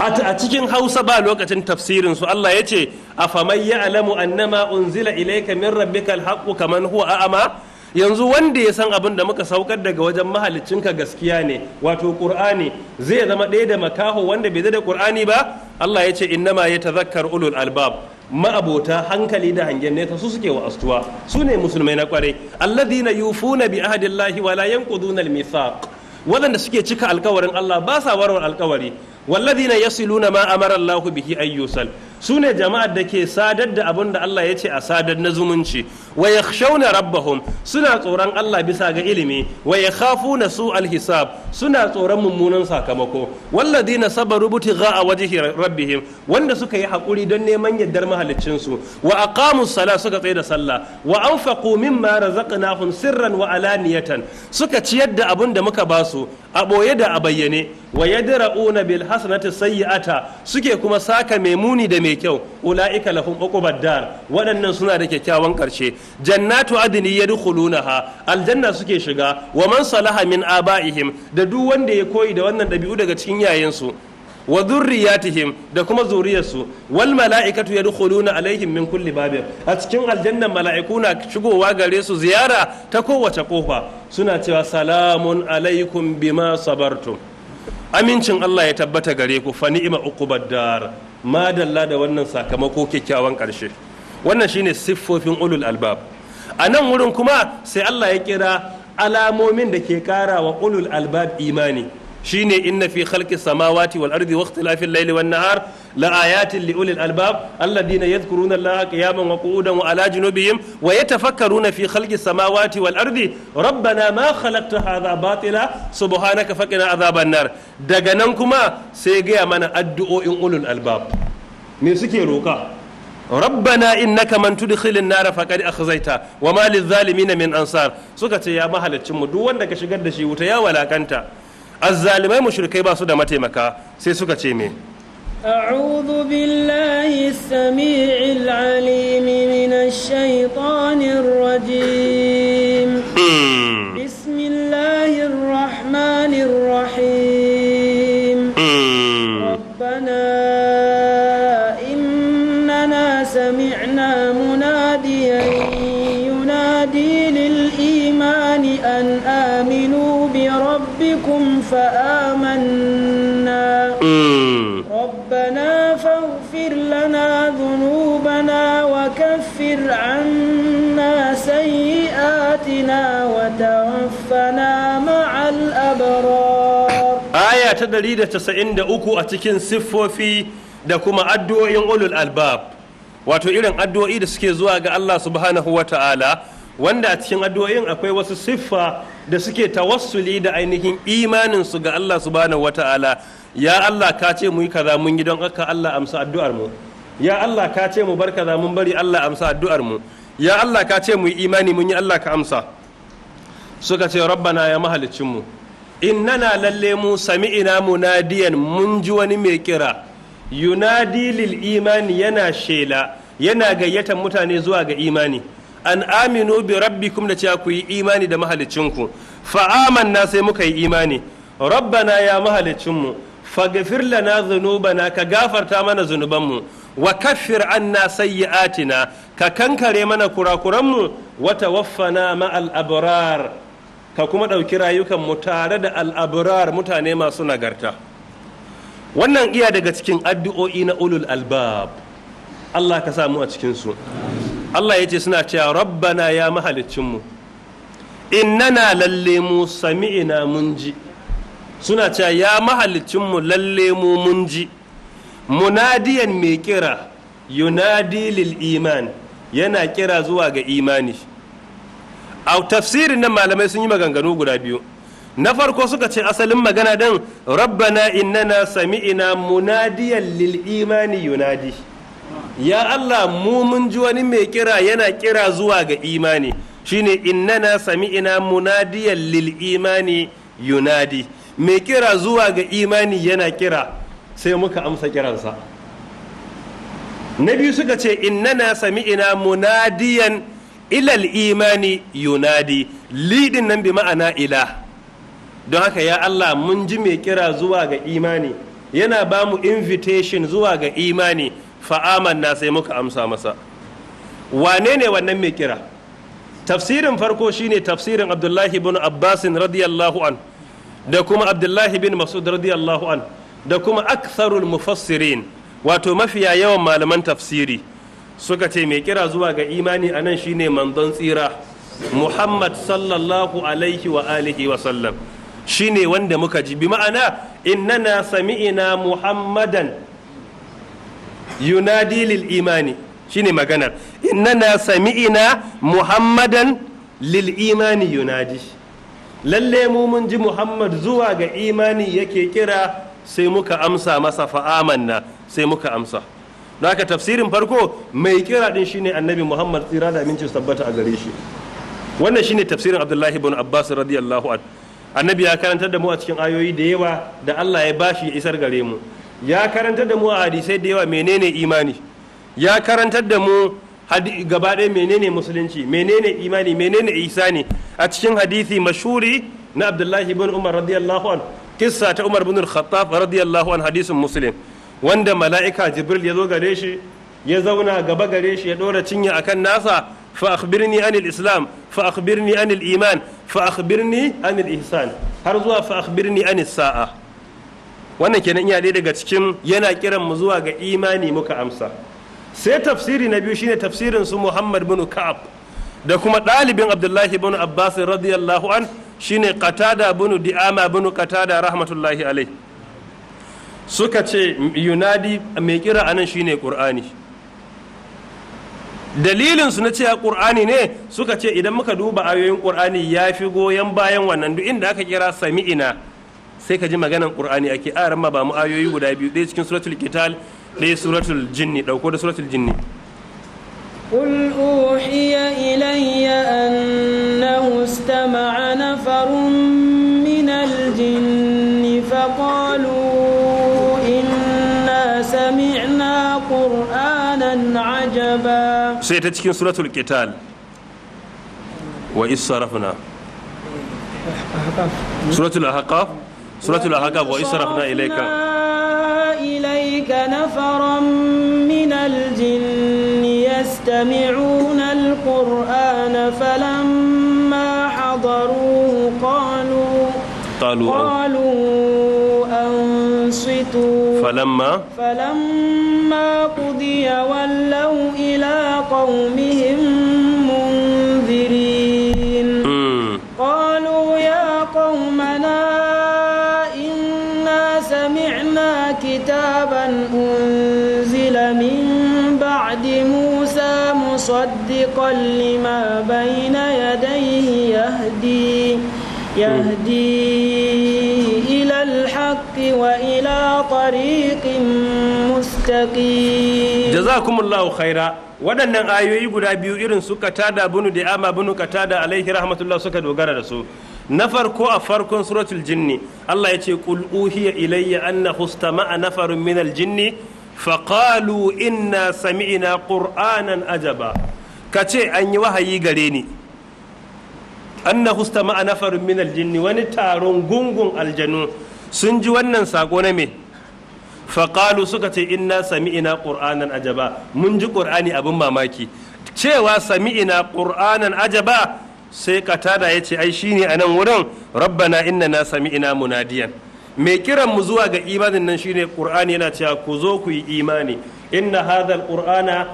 a cikin hausa ba lokacin tafsirinsu, allah ya ce a famai ya alamu annama unzila ilaika min rabbikal haqqu kaman huwa a'ama yanzu wanda ya san abin da muka saukar daga wajen mahalicinka gaskiya ne wato ƙur'ani, zai zama ɗaya da makaho wanda bai da ƙur'ani ba allah ya ce innama ya tazakkar ulul albab ma'abota hankali da hangen nesa su suke wa astuwa su ne musulmai na kwarai alladina yufuna bi ahadillahi wa la yanquduna al-mithaq wadanda suke cika alkawarin Allah ba sa warwar alkawari walladina yasiluna ma amara Allahu bihi ayyusal su ne jama'ar da ke sadar da abun da Allah ya ce a sadar na zumunci wa Shauna rabbahum suna tsoron Allah bisa ga ilimi wa na su'al hisab suna tsoron mummunan sakamako rubuti sabaru a wajhi rabbihim wanda suka yi haƙuri don neman yaddar mahaliccin su wa aqamus sala suka tsaye da sallah wa anfaqu mimma razaqnahum sirran wa alaniyatan suka ciyar da abun da muka basu a boye da a bayyane wa yadra'una bil hasanati sayyi'ata suke kuma saka mai muni da mai kyau ula'ika lafun uqubad dar waɗannan suna da kyakkyawan ƙarshe. jannatu adini adni ha aljanna suke shiga wa man salaha min abaihim da duk wanda ya koyi da wannan dabi'u daga cikin yayansu wa zurriyatihim da kuma zuriyarsu wal mala'ikatu yadkhuluna alaihim min kulli babin a cikin aljanna mala'iku na shigowa gare su ziyara ta kowace kofa suna cewa salamun alaikum bima sabartum amincin Allah ya tabbata gare ku fa ni'ma uku dar madalla da wannan sakamako kyakkyawan ƙarshe. wannan shine siffofin ulul albab a nan wurin kuma sai Allah ya kira alamomin da ke kara wa ulul albab imani shine inna fi khalqis samawati wal ardi wa layli wan nahar la ayatin li ulil albab alladhina yadhkuruna allaha qiyaman wa qu'udan wa ala junubihim wa yatafakkaruna fi khalqis samawati wal ardi rabbana ma khalaqta hadha batila subhanaka faqina adhaban nar daga nan kuma sai gaya mana addu'o'in ulul albab me suke roka rabbana innaka man tudkhilin nar faqad akhzaita wa ma lizalimin min ansar suka ce ya mahalaccin mu duk wanda ka shigar da shi wuta ya walakanta azzalimai mushrikai ba su da mataimaka sai suka ce min. أعوذ بالله السميع العليم من الشيطان الرجيم بسم الله الرحمن الرحيم aya ta 193 a cikin siffofi da kuma addu'o'in ulul albab wato irin addu'o'i da suke zuwa ga Allah subhanahu wa ta'ala wanda a cikin addu'o'in akwai wasu siffa da suke tawassuli da ainihin imanin su ga Allah subhanahu wa ta'ala ya Allah ka ce mu yi kaza mun yi don haka Allah amsa addu'ar mu ya Allah ka ce mu bar kaza mun bari Allah amsa addu'ar mu ya Allah ka ce mu yi imani mun yi Allah ka amsa suka ce rabbana ya mahaliccin mu innana lalle mu sami ina munadiyan mun ji wani mai kira yunadi lil imani yana shela yana gayyatan mutane zuwa ga imani an aminu bi rabbikum da cewa ku yi imani da mahalicinku fa amanna sai muka yi imani rabbana ya mahalicinmu faghfir lana dhunubana ka gafarta mana zunubanmu wa kaffir anna atina ka kankare mana kurakuranmu wa tawaffana ma'al abrar ka kuma ɗauki rayukanmu tare da al'abrar mutane masu nagarta wannan iya daga cikin addu'o'i na ulul albab Allah ka samu a cikinsu Allah ya ce suna cewa rabbana ya mahalicinmu innana lalle mu sami'ina mun ji suna cewa ya mahalicinmu lalle mu mun ji munadiyan mai kira yunadi lil iman yana kira zuwa ga imani a tafsirin nan malamai sun yi maganganu guda biyu na farko suka ce asalin magana din rabbana innana sami'ina munadiyan lil imani yunadi ya Allah mu mun ji wani mai kira yana kira zuwa ga imani shine innana sami'ina munadiyan lil imani yunadi mai kira zuwa ga imani yana kira sai muka amsa kiransa na biyu suka ce innana sami'ina munadiyan ilal imani yunadi lidin nan bi ma'ana ila don haka ya Allah mun ji mai kira zuwa ga imani yana ba mu invitation zuwa ga imani fa'aman na sai muka amsa masa wane ne wannan mai kira tafsirin farko shine tafsirin abdullahi bin abbasin radiyallahu an da kuma abdullahi bin masud radiyallahu an da kuma aktharul mufassirin wato mafiya yawan malaman tafsiri suka ce mai kira zuwa ga imani a nan shine manzon tsira muhammad sallallahu alaihi wa alihi wa sallam shine wanda muka ji bi ma'ana innana sami'ina muhammadan yunadi lil imani shine maganar innana sami'ina muhammadan lil imani yunadi lalle mu mun ji muhammad zuwa ga imani yake kira sai muka amsa masa fa'amanna sai muka amsa da haka tafsirin farko mai kira din shine annabi muhammad tsira da aminci tabbata a gare shi wannan shine tafsirin abdullahi ibn abbas radiyallahu an annabi ya karantar da mu a cikin ayoyi da yawa da allah ya bashi ya isar gare mu ya karantar da mu a hadisai da yawa menene imani ya karantar da mu gaba ɗaya menene musulunci menene imani menene isani a cikin hadisi mashuri na abdullahi ibn umar radiyallahu an kissa ta umar bin al-khattab radiyallahu an hadisin muslim wanda mala'ika jibril ya zo gare shi ya zauna gaba gare shi ya ɗora cinya akan nasa fa akhbirni anil islam fa akhbirni anil iman fa akhbirni anil ihsan har zuwa fa akhbirni anis sa'a wannan kenan iya daga cikin yana kiran mu zuwa ga imani muka amsa sai tafsiri na biyu shine tafsirin su Muhammad bin Ka'ab da kuma ɗalibin Abdullahi bin Abbas radiyallahu an shine Qatada bin Di'ama bin Qatada rahmatullahi alaihi suka ce yunadi mai kira anan shine qur'ani dalilin su na cewa qur'ani ne suka ce idan muka duba ayoyin qur'ani ya fi goyon bayan wannan duk inda aka kira ina sai ka ji maganan qur'ani ake aran ma ba mu ayoyi guda biyu ɗaya cikin suratul kital ɗaya suratul jinni dauko da suratul jinni قل أوحي إلي أنه استمع نفر sai ta cikin suratul qital wa israfna suratul ahqaf suratul ahqaf wa israfna ilayka ilayka nafaran min aljin jinni yastami'una al falamma hadaru qalu qalu أنصتوا فلما فلما قضي ولوا إلى قومهم منذرين قالوا يا قومنا إنا سمعنا كتابا أنزل من بعد موسى مصدقا لما بين يديه يهدي يهدي الحق وإلى طريق مستقيم جزاكم الله خيرا waɗannan ayoyi guda biyu irin su katada bunu da ama bunu katada alaihi rahmatullah suka dogara da su na farko a farkon suratul jinni Allah ya ce qul uhiya ilayya anna hustama nafarun minal jinni faqalu inna sami'na qur'anan ajaba kace an yi wahayi gare ni anna hustama nafarun minal jinni wani taron gungun aljanu sun ji wannan sako na me faƙalu suka ce inna sami'ina ƙur'anan ajaba mun ji ƙur'ani abin mamaki cewa sami'ina ƙur'anan ajaba sai katada ya ce ai shine a nan wurin rabbana inna na sami'ina munadiyan mai kiran mu zuwa ga imanin nan shine ƙur'ani yana cewa ku zo ku yi imani inna hadhal ya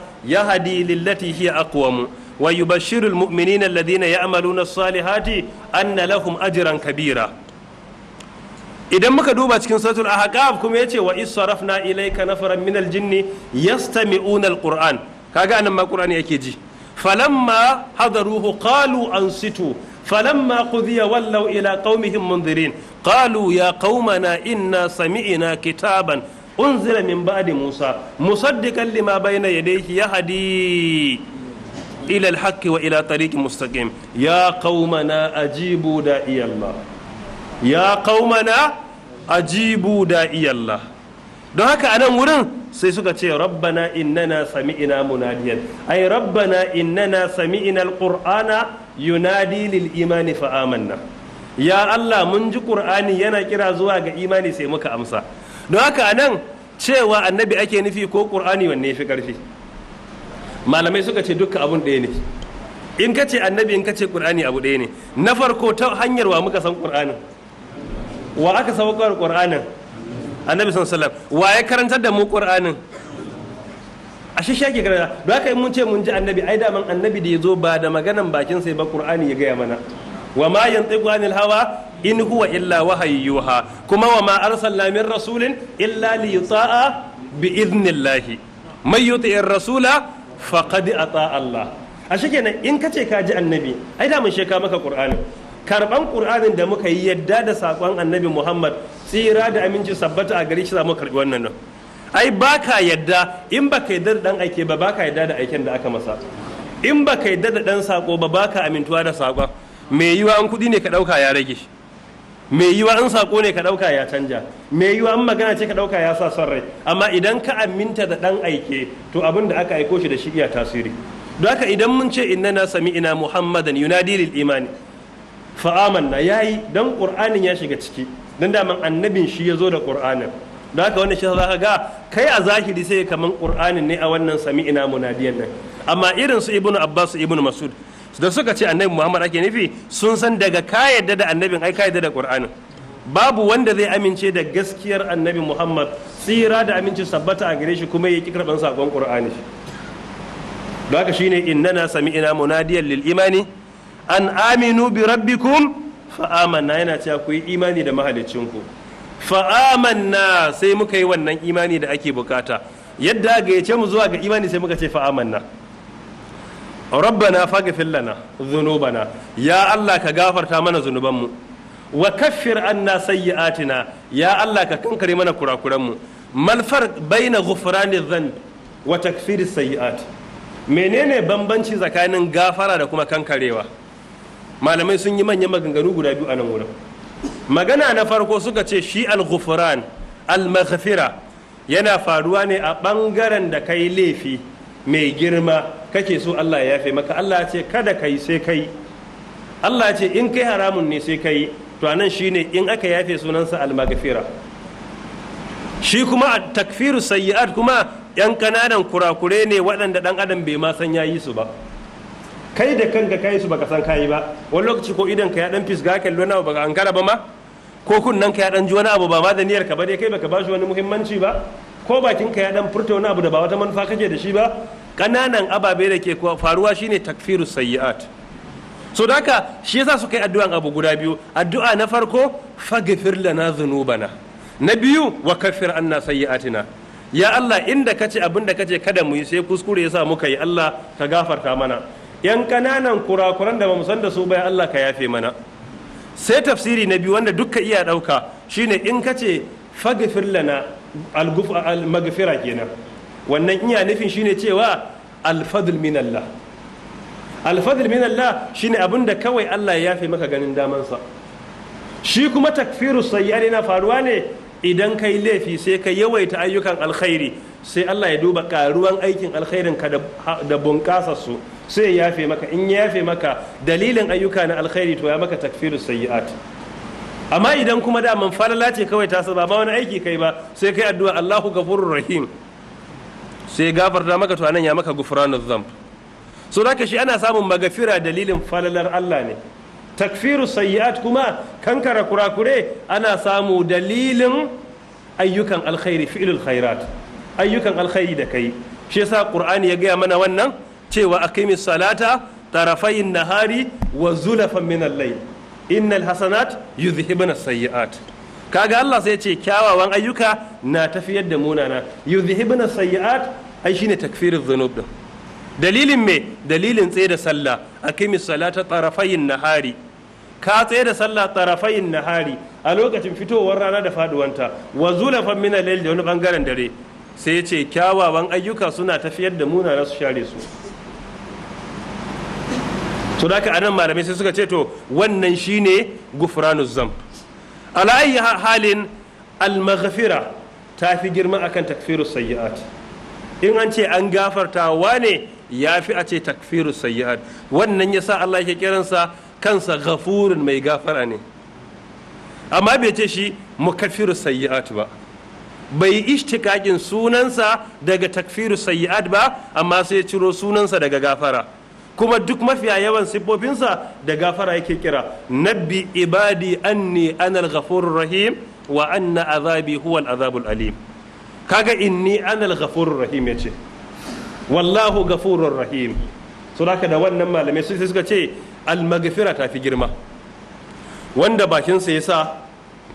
yahdi lillati hiya aqwamu wa yubashshiru almu'minina alladhina ya'maluna as-salihati anna lahum ajran kabira idan muka duba cikin suratul ahqaf kuma yace wa israfna ilayka nafaran minal jinni yastami'una alquran kaga anan ma qur'ani yake ji falamma hadaruhu qalu ansitu falamma qudiya wallaw ila qaumihim mundirin qalu ya qaumana inna sami'na kitaban unzila min ba'di musa musaddiqan lima bayna yadayhi yahdi ila alhaqqi wa ila tariqin mustaqim ya qaumana ajibu da allah ya qaumana ajibu iyalla. don haka a nan wurin sai suka ce rabbana innana sami'ina munadiyan ai rabbana innana sami'ina alqur'ana yunadi lil imani fa amanna ya Allah mun ji qur'ani yana kira zuwa ga imani sai muka amsa don haka a nan cewa annabi ake nufi ko qur'ani wanne fi karfi malamai suka ce duka abun ɗaya ne in ka ce annabi in ka ce qur'ani abu ɗaya ne na farko ta hanyar wa muka san qur'anin wa aka saukar qur'anin annabi sallallahu wa ya karantar da mu qur'anin ashe shi ake karanta don aka yi mun ce mun ji annabi ai daman annabi da ya zo ba da maganan bakin sai ba ƙur'ani ya gaya mana wa ma yantiqu anil hawa in huwa illa wahayi kuma wa ma arsalna min rasulin illa li yuta'a bi idnillahi may yuti'ir rasula faqad ata Allah ashe kenan in kace ka ji annabi ai da mun sheka maka qur'ani karban qur'anin da muka yi yadda da sakon annabi muhammad tsira da aminci sabbata a gari shi za mu karbi wannan nan ai baka yadda in baka yadda da dan aike ba baka yadda da aiken da aka masa in baka yadda da dan sako ba baka amintuwa da sakon me yiwa an kudi ne ka dauka ya rage me yiwa an sako ne ka dauka ya canja me yiwa an magana ce ka dauka ya sa son rai amma idan ka aminta da dan aike to abin da aka aiko shi da shi iya tasiri don haka idan mun ce inna na sami ina muhammadan yunadi lil imani fa'amanna yi dan ƙur'anin ya shiga ciki don daman annabin shi ya zo da ƙur'anin don haka wani shi za ga kai a zahiri sai kamar ƙur'anin ne a wannan sami sami'ina munadiyan nan amma irin su ibnu abbas ibnu masud da suka ce annabi muhammad ake nufi sun san daga ka yadda da annabin ai ka yadda da ƙur'anin babu wanda zai amince da gaskiyar annabi muhammad tsira da aminci sabbata a gare shi kuma ya ƙi karban sakon qur'ani haka shine innana sami'ina munadiyan lil imani an aminu bi rabbikum fa amanna yana cewa ku yi imani da mahalicinku fa amanna sai muka yi wannan imani da ake bukata yadda gayyace mu zuwa ga imani sai muka ce fa amanna rabbana faghfir lana dhunubana ya Allah ka gafarta mana zunubanmu wa kaffir anna sayyi'atina ya Allah ka kankare mana mu mal farq baina ghufrani dhanb wa takfiri sayyi'at menene bambanci tsakanin gafara da kuma kankarewa malamai sun yi manyan maganganu guda biyu a nan wurin magana na farko suka ce shi al-ghufran al-maghfira yana faruwa ne a bangaren da kai laifi mai girma kake so Allah ya yafe maka Allah ya ce kada kai sai kai Allah ya ce in kai haramun ne sai kai to anan shine in aka yafe sunansa al-maghfira shi kuma takfiru sayyi'at kuma yan kananan kurakure ne waɗanda ɗan adam bai ma san yayi su ba kai da kanka kai su baka san kayi ba wani lokaci ko idan ka ya dan fisga ka lona ba baka ankara ba ma ko kunnan ka ya dan ji wani abu ba ma da niyyar ka ba dai kai baka bashi wani muhimmanci ba ko bakin ka ya dan furta wani abu da ba wata manufa kake da shi ba kananan ababe da ke faruwa shine takfiru sayyi'at so daka shi yasa suka yi addu'an abu guda biyu addu'a na farko faghfir lana dhunubana na biyu wa kaffir anna sayyi'atina ya Allah inda kace abinda kace kada mu yi sai kuskure yasa muka yi Allah ka gafarta mana yan kananan kurakuran da bamu san da su ya Allah ka yafe mana sai tafsiri na biyu wanda dukka iya ɗauka shine in ka ce faghfir lana al-maghfira kenan wannan iya nufin shine cewa al-fadl min Allah al min Allah shine abinda kawai Allah ya yafe maka ganin damansa shi kuma takfiru sayyi yana faruwa ne idan kai laifi sai ka yawaita ayyukan alkhairi sai Allah ya duba karuwan aikin alkhairin ka da bunƙasa su sai ya yafe maka in ya yafe maka dalilin ayyuka na alkhairi to ya maka takfiru sayyi'at amma idan kuma da man falala ce kawai ta ba wani aiki kai ba sai kai addu'a Allahu gafurur rahim sai gafarta maka to anan ya maka gufranuz dhanb so da shi ana samun magafira dalilin falalar Allah ne takfiru sayyat kuma kankara kurakure ana samu dalilin ayyukan alkhairi fi'lul khairat ayyukan alkhairi da kai shi yasa qur'ani ya gaya mana wannan cewa aqimis salata tarafayin nahari wa zulafan min al-layl innal hasanat yuzhibuna sayyi'at kaga Allah sai ya ce kyawawan ayyuka na tafiyar da munana yuzhibuna sayyi'at ai shine takfirul dhunub din dalilin me dalilin tsaye da sallah aqimis salata tarafayin nahari ka tsaye da sallah tarafayin hari a lokacin fitowar rana da faduwanta wa zulafan min al da wani bangaren dare sai ya ce kyawawan ayyuka suna tafiyar da munana su share su to da ka anan malamai sai suka ce to wannan shine gufranuz zamb ala ayi halin al-maghfira ta fi girma akan takfiru sayyi'at in an ce an gafarta wane ya fi a ce takfiru sayyi'at wannan yasa Allah yake kiransa kansa ghafurun mai gafara ne amma bai ce shi mukaffiru sayyi'at ba bai yi sunansa daga takfiru sayyi'at ba amma sai ya ciro sunansa daga gafara kuma duk mafiya yawan siffofinsa da gafara yake kira nabbi ibadi anni anal ghafurur rahim wa anna azabi huwal azabul alim kaga inni anal ghafurur rahim yace wallahu ghafurur rahim so da wannan malamai sai suka ce almagfira ta fi girma wanda bakinsa ya sa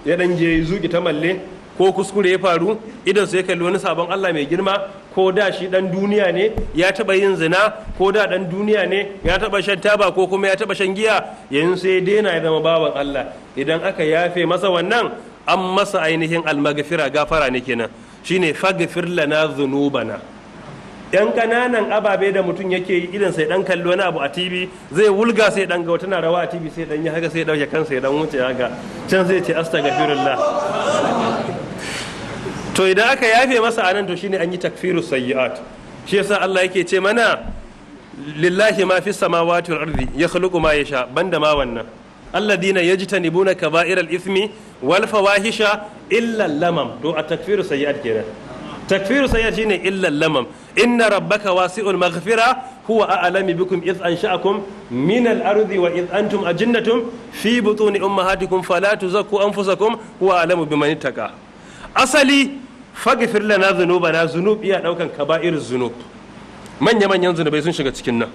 ya dan je zuki ta malle ko kuskure ya faru idan sai kalli wani sabon Allah mai girma ko da shi dan duniya ne ya taba yin zina ko da dan duniya ne ya taba shan taba ko kuma ya taba shan giya yayin sai ya daina ya zama baban Allah idan aka yafe masa wannan an masa ainihin almagfira gafara ne kenan shine faghfir lana dhunubana yan kananan ababe da mutum yake yi idon sai dan kalli wani abu a TV zai wulga sai dan ga wata na rawa a TV sai dan yi haka sai dauke kansa ya dan wuce haka can zai ce astaghfirullah to idan aka yafe masa anan to shine an yi takfiru sayyi'at shi yasa Allah yake ce mana lillahi ma fi samawati wal ardi yakhluqu ma yasha banda ma wannan alladina yajtanibuna kaba'ir al ismi, wal fawahisha illa lamam to a takfiru sayyi'at kenan takfiru sayyar shine illal lamam inna rabbaka wasi'ul maghfira huwa a'lamu bikum id ansha'akum min al-ardi wa id antum ajinnatun fi butuni ummahatikum fala tuzakku anfusakum huwa a'lamu biman ittaqa asali faghfir lana dhunubana zunub iya daukan kaba'ir zunub manya manyan zunubai sun shiga cikin nan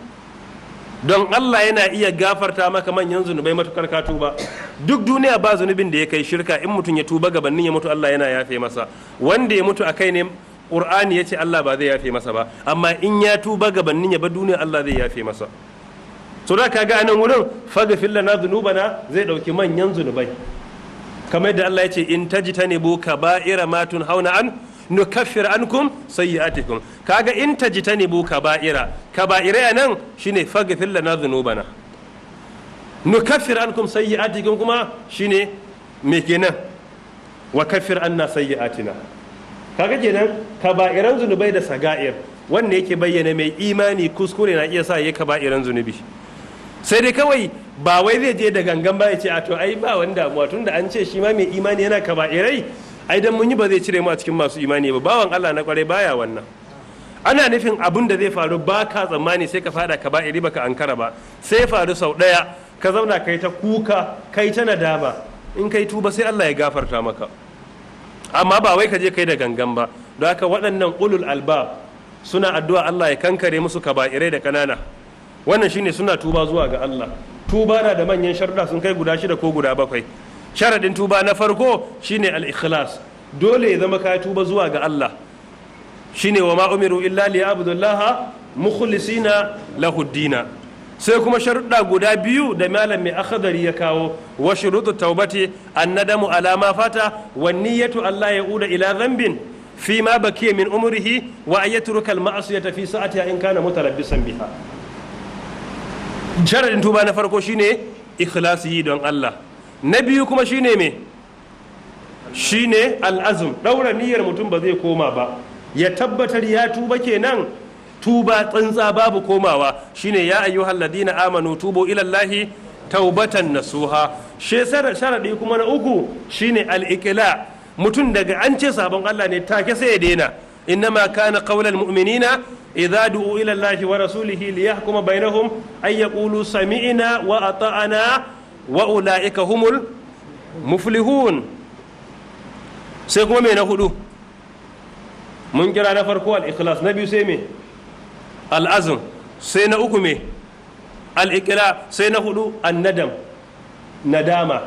don Allah yana iya gafarta maka manyan zunubai matukar ka tuba duk duniya ba zunubin da ya kai shirka in mutum ya tuba gabanin ya mutu Allah yana yafe masa wanda ya mutu a kai ne Qur'ani ya ce Allah ba zai yafe masa ba amma in ya tuba gabanin ya ba duniya Allah zai yafe masa so da ga anan wurin faga fillana zunubana zai dauki manyan zunubai kamar yadda Allah ya ce in tajtanibu kaba'ira matun hauna an nukaffir ankum sayyi'atikum kaga in tajtanibu kaba'ira kaba'ira nan shine faghfir lana dhunubana nukaffir ankum sayyi'atikum kuma shine me kenan wa kaffir anna sayyi'atina kaga kenan kaba'iran zunubai da saga'ir wanda yake bayyana mai imani kuskure na iya sa ya kaba'iran zunubi sai dai kawai ba wai zai je da gangan ba ya ce a to ai ba wani damuwa tun da an ce shi ma mai imani yana kaba'irai ai dan mun yi ba zai cire mu a cikin masu imani ba bawan Allah na kwarai baya wannan ana nufin abin da zai faru ba ka tsammani sai ka fada ka ba iri baka ankara ba sai faru sau daya ka zauna kai ta kuka kai ta nadama in kai tuba sai Allah ya gafarta maka amma ba wai ka je kai da gangan ba don haka waɗannan ulul alba suna addu'a Allah ya kankare musu kaba'irai da kanana wannan shine suna tuba zuwa ga Allah tuba na da manyan sharuda sun kai guda shida ko guda bakwai sharadin tuba na farko shine al-ikhlas dole ya zama ka tuba zuwa ga Allah shine wa ma umiru illa li abdullaha mukhlisina lahu sai kuma sharuɗa guda biyu da malam mai akhadari ya kawo wa shurutu taubati annadamu ala ma fata wa niyyatu Allah ya uda ila dhanbin fi ma bakiya min umrihi wa ayyatruka al-ma'siyata fi sa'atiha in kana mutalabbisan biha sharadin tuba na farko shine ikhlasi don Allah na biyu kuma shine me shine al'azum daura niyyar mutum ba zai koma ba ya tabbatar ya tuba kenan tuba tsantsa babu komawa shine ya ayyuhal halladina amanu tubo ila allahi taubatan nasuha she sharadi kuma na uku shine al-iqla mutum daga an ce sabon Allah ne take sai ya daina innama kana qaulal mu'minina idza du'u ila allahi wa rasulihi liyahkuma bainahum ay yaqulu sami'na wa ata'na wa ula'ika humul muflihun sai kuma mai na hudu mun kira na farko al-ikhlas na biyu sai me al-azm sai na uku me al sai na hudu an nadama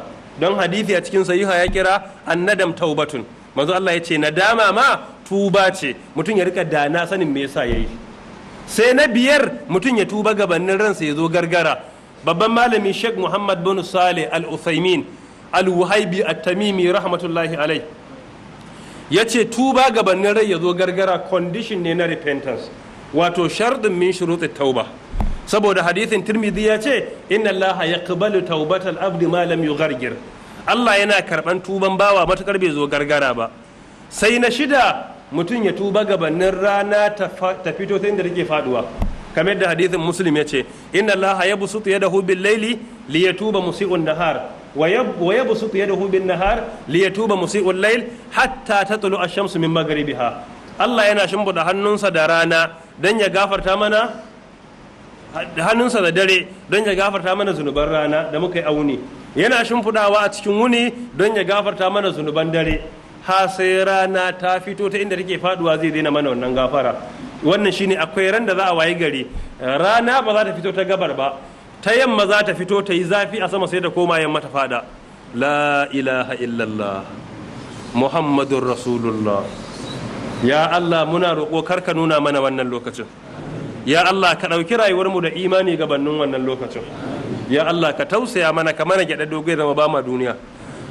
don hadithi a cikin sahiha ya kira an-nadam taubatun manzo Allah ya ce nadama ma tuba ce mutum ya rika dana sanin me yasa yayi sai na biyar mutum ya tuba gabanin ransa ya zo gargara babban malami sheikh muhammad bin saleh al-uthaymin al-wuhaibi at-tamimi rahmatullahi alai ya ce tuba gabanin rai ya zo gargara condition ne na repentance wato shardin min shuruti tauba saboda hadithin tirmidhi ya ce inna allah yaqbalu taubatal abdi ma lam yughargir allah yana karban tuban bawa matukar bai zo gargara ba sai na shida mutum ya tuba gabanin rana ta fito sai da take faduwa kamar da hadithin muslim ya ce inna allaha yabsutu yadahu bil laili liyatuba musii'un nahar ويبسط يده بالنهار ليتوب مسيء الليل حتى تطلع الشمس من مغربها الله yana shimbuda hannunsa da rana dan ya gafarta mana hannunsa da dare don ya gafarta mana zunuban rana da muka yi auni yana shimfidawa a cikin wuni don ya gafarta mana zunuban dare ha sai rana ta fito ta inda take faduwa zai daina mana wannan gafara wannan shi ne akwai ran da za a wayi gari rana ba za ta fito ta gabar ba ta yamma za ta fito ta yi zafi a sama sai da koma yamma ta fada la ilaha illallah muhammadun rasulullah ya allah muna roƙo kar nuna mana wannan lokacin ya allah ka ɗauki rayuwarmu da imani gabanin wannan lokacin ya allah ka tausaya mana ka mana gyaɗa dogo da zama ba ma duniya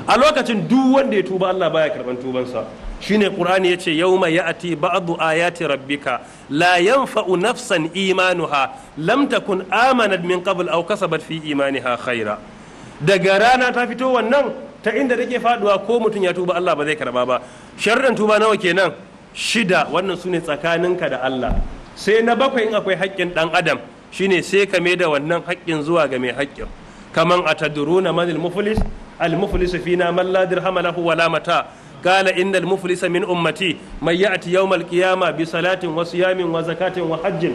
a lokacin duk wanda ya tuba allah baya karɓan tubansa shine qur'ani yace yauma ya'ti ba'du ayati rabbika la yanfa'u nafsan imanuha lam takun amanat min qabl aw kasabat fi imaniha khaira daga rana ta fito wannan ta inda take faduwa ko mutum ya tuba Allah ba zai karba ba sharran tuba nawa kenan shida wannan sune tsakaninka da Allah sai na bakwai in akwai haƙƙin dan adam shine sai ka mai da wannan haƙƙin zuwa ga mai haƙƙin kaman atadruna manil muflis al muflis fina man la dirham lahu wala mata qala innal muflisa min ummati may ya'ti yawmal qiyama bi salatin wa siyamin wa zakatin wa hajjin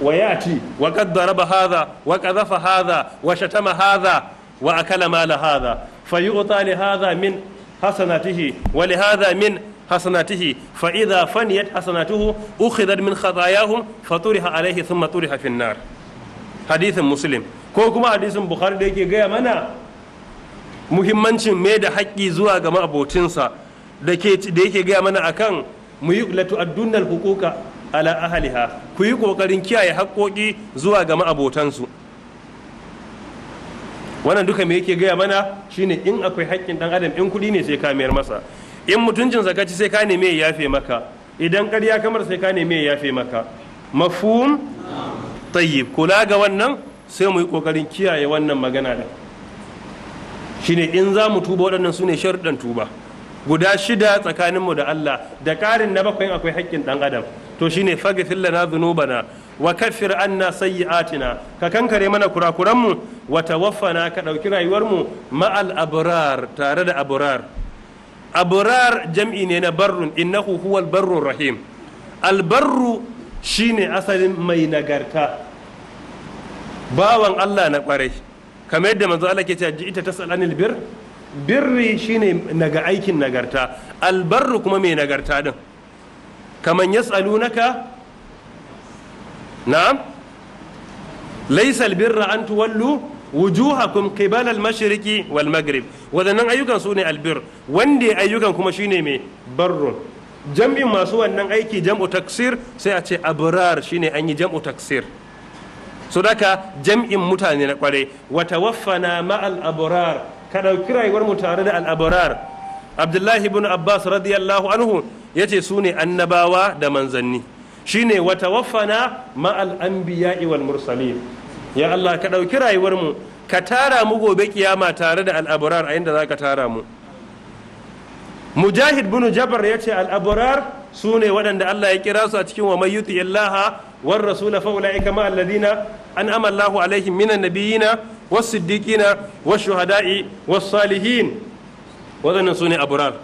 wa ya'ti wa qad daraba hadha wa qadhafa hadha wa shatama hadha wa akala mala hadha fayu'ta li hadha min hasanatihi wa li hadha min حسناته فإذا فنيت حسناته أخذت من خطاياهم فطرح عليه ثم طرح في النار حديث مسلم ko kuma hadisin bukhari da yake gaya mana muhimmancin mai da haƙƙi zuwa ga ma'abocinsa da yake gaya mana akan mu yi latu addunnal hukuka ala ahliha ku yi kokarin kiyaye haƙoƙi zuwa ga ma'abotansu wannan duka me yake gaya mana shine in akwai haƙƙin dan adam in kuɗi ne sai ka mayar masa in mutuncin ka ci sai ka neme ya yafe maka idan ƙarya kamar sai ka neme ya yafe maka mafhum tayyib kula ga wannan sai mu yi kokarin kiyaye wannan magana da shine in za mu tuba waɗannan sune ne sharuɗan tuba guda shida tsakaninmu da Allah da ƙarin na bakwai akwai haƙƙin ɗan adam to shine faghfir lana dhunubana wa kaffir anna sayyi'atina ka kankare mana kurakuranmu wa tawaffana ka ɗauki rayuwarmu ma'al abrar tare da abrar abrar jam'i ne na barrun innahu huwal barrur rahim albarru shine asalin mai nagarta bawan Allah na ƙwarai kamar yadda manzo Allah ke cewa ita tasalanil bir birri shine naga aikin nagarta albarru kuma mai nagarta din kaman yas'alunaka na'am laisal albirra an tuwallu wujuhakum qibal al-mashriqi wal maghrib wadannan ayyukan su ne albir wanda ayyukan kuma shine mai barru. jam'in masu wannan aiki jam'u taksir sai a ce abrar shine an yi jam'u taksir so daka jam'in mutane na kware wa tawaffana ma'al abrar ka ɗauki rayuwar mu tare da al'abarar abdullahi ibn abbas radiyallahu anhu ya ce su ne annabawa da manzanni shine wata waffana ma'al anbiya'i wal mursalin ya allah ka ɗauki rayuwar mu ka tara mu gobe kiyama tare da al'abarar a inda za ka tara mu mujahid bin jabar ya ce al'abarar su ne waɗanda allah ya kira su a cikin wa mai yuti war rasula fa ulaika ma alladhina an'ama Allahu alaihim minan nabiyina was siddiqina was shuhada'i was salihin wadannan sune abrar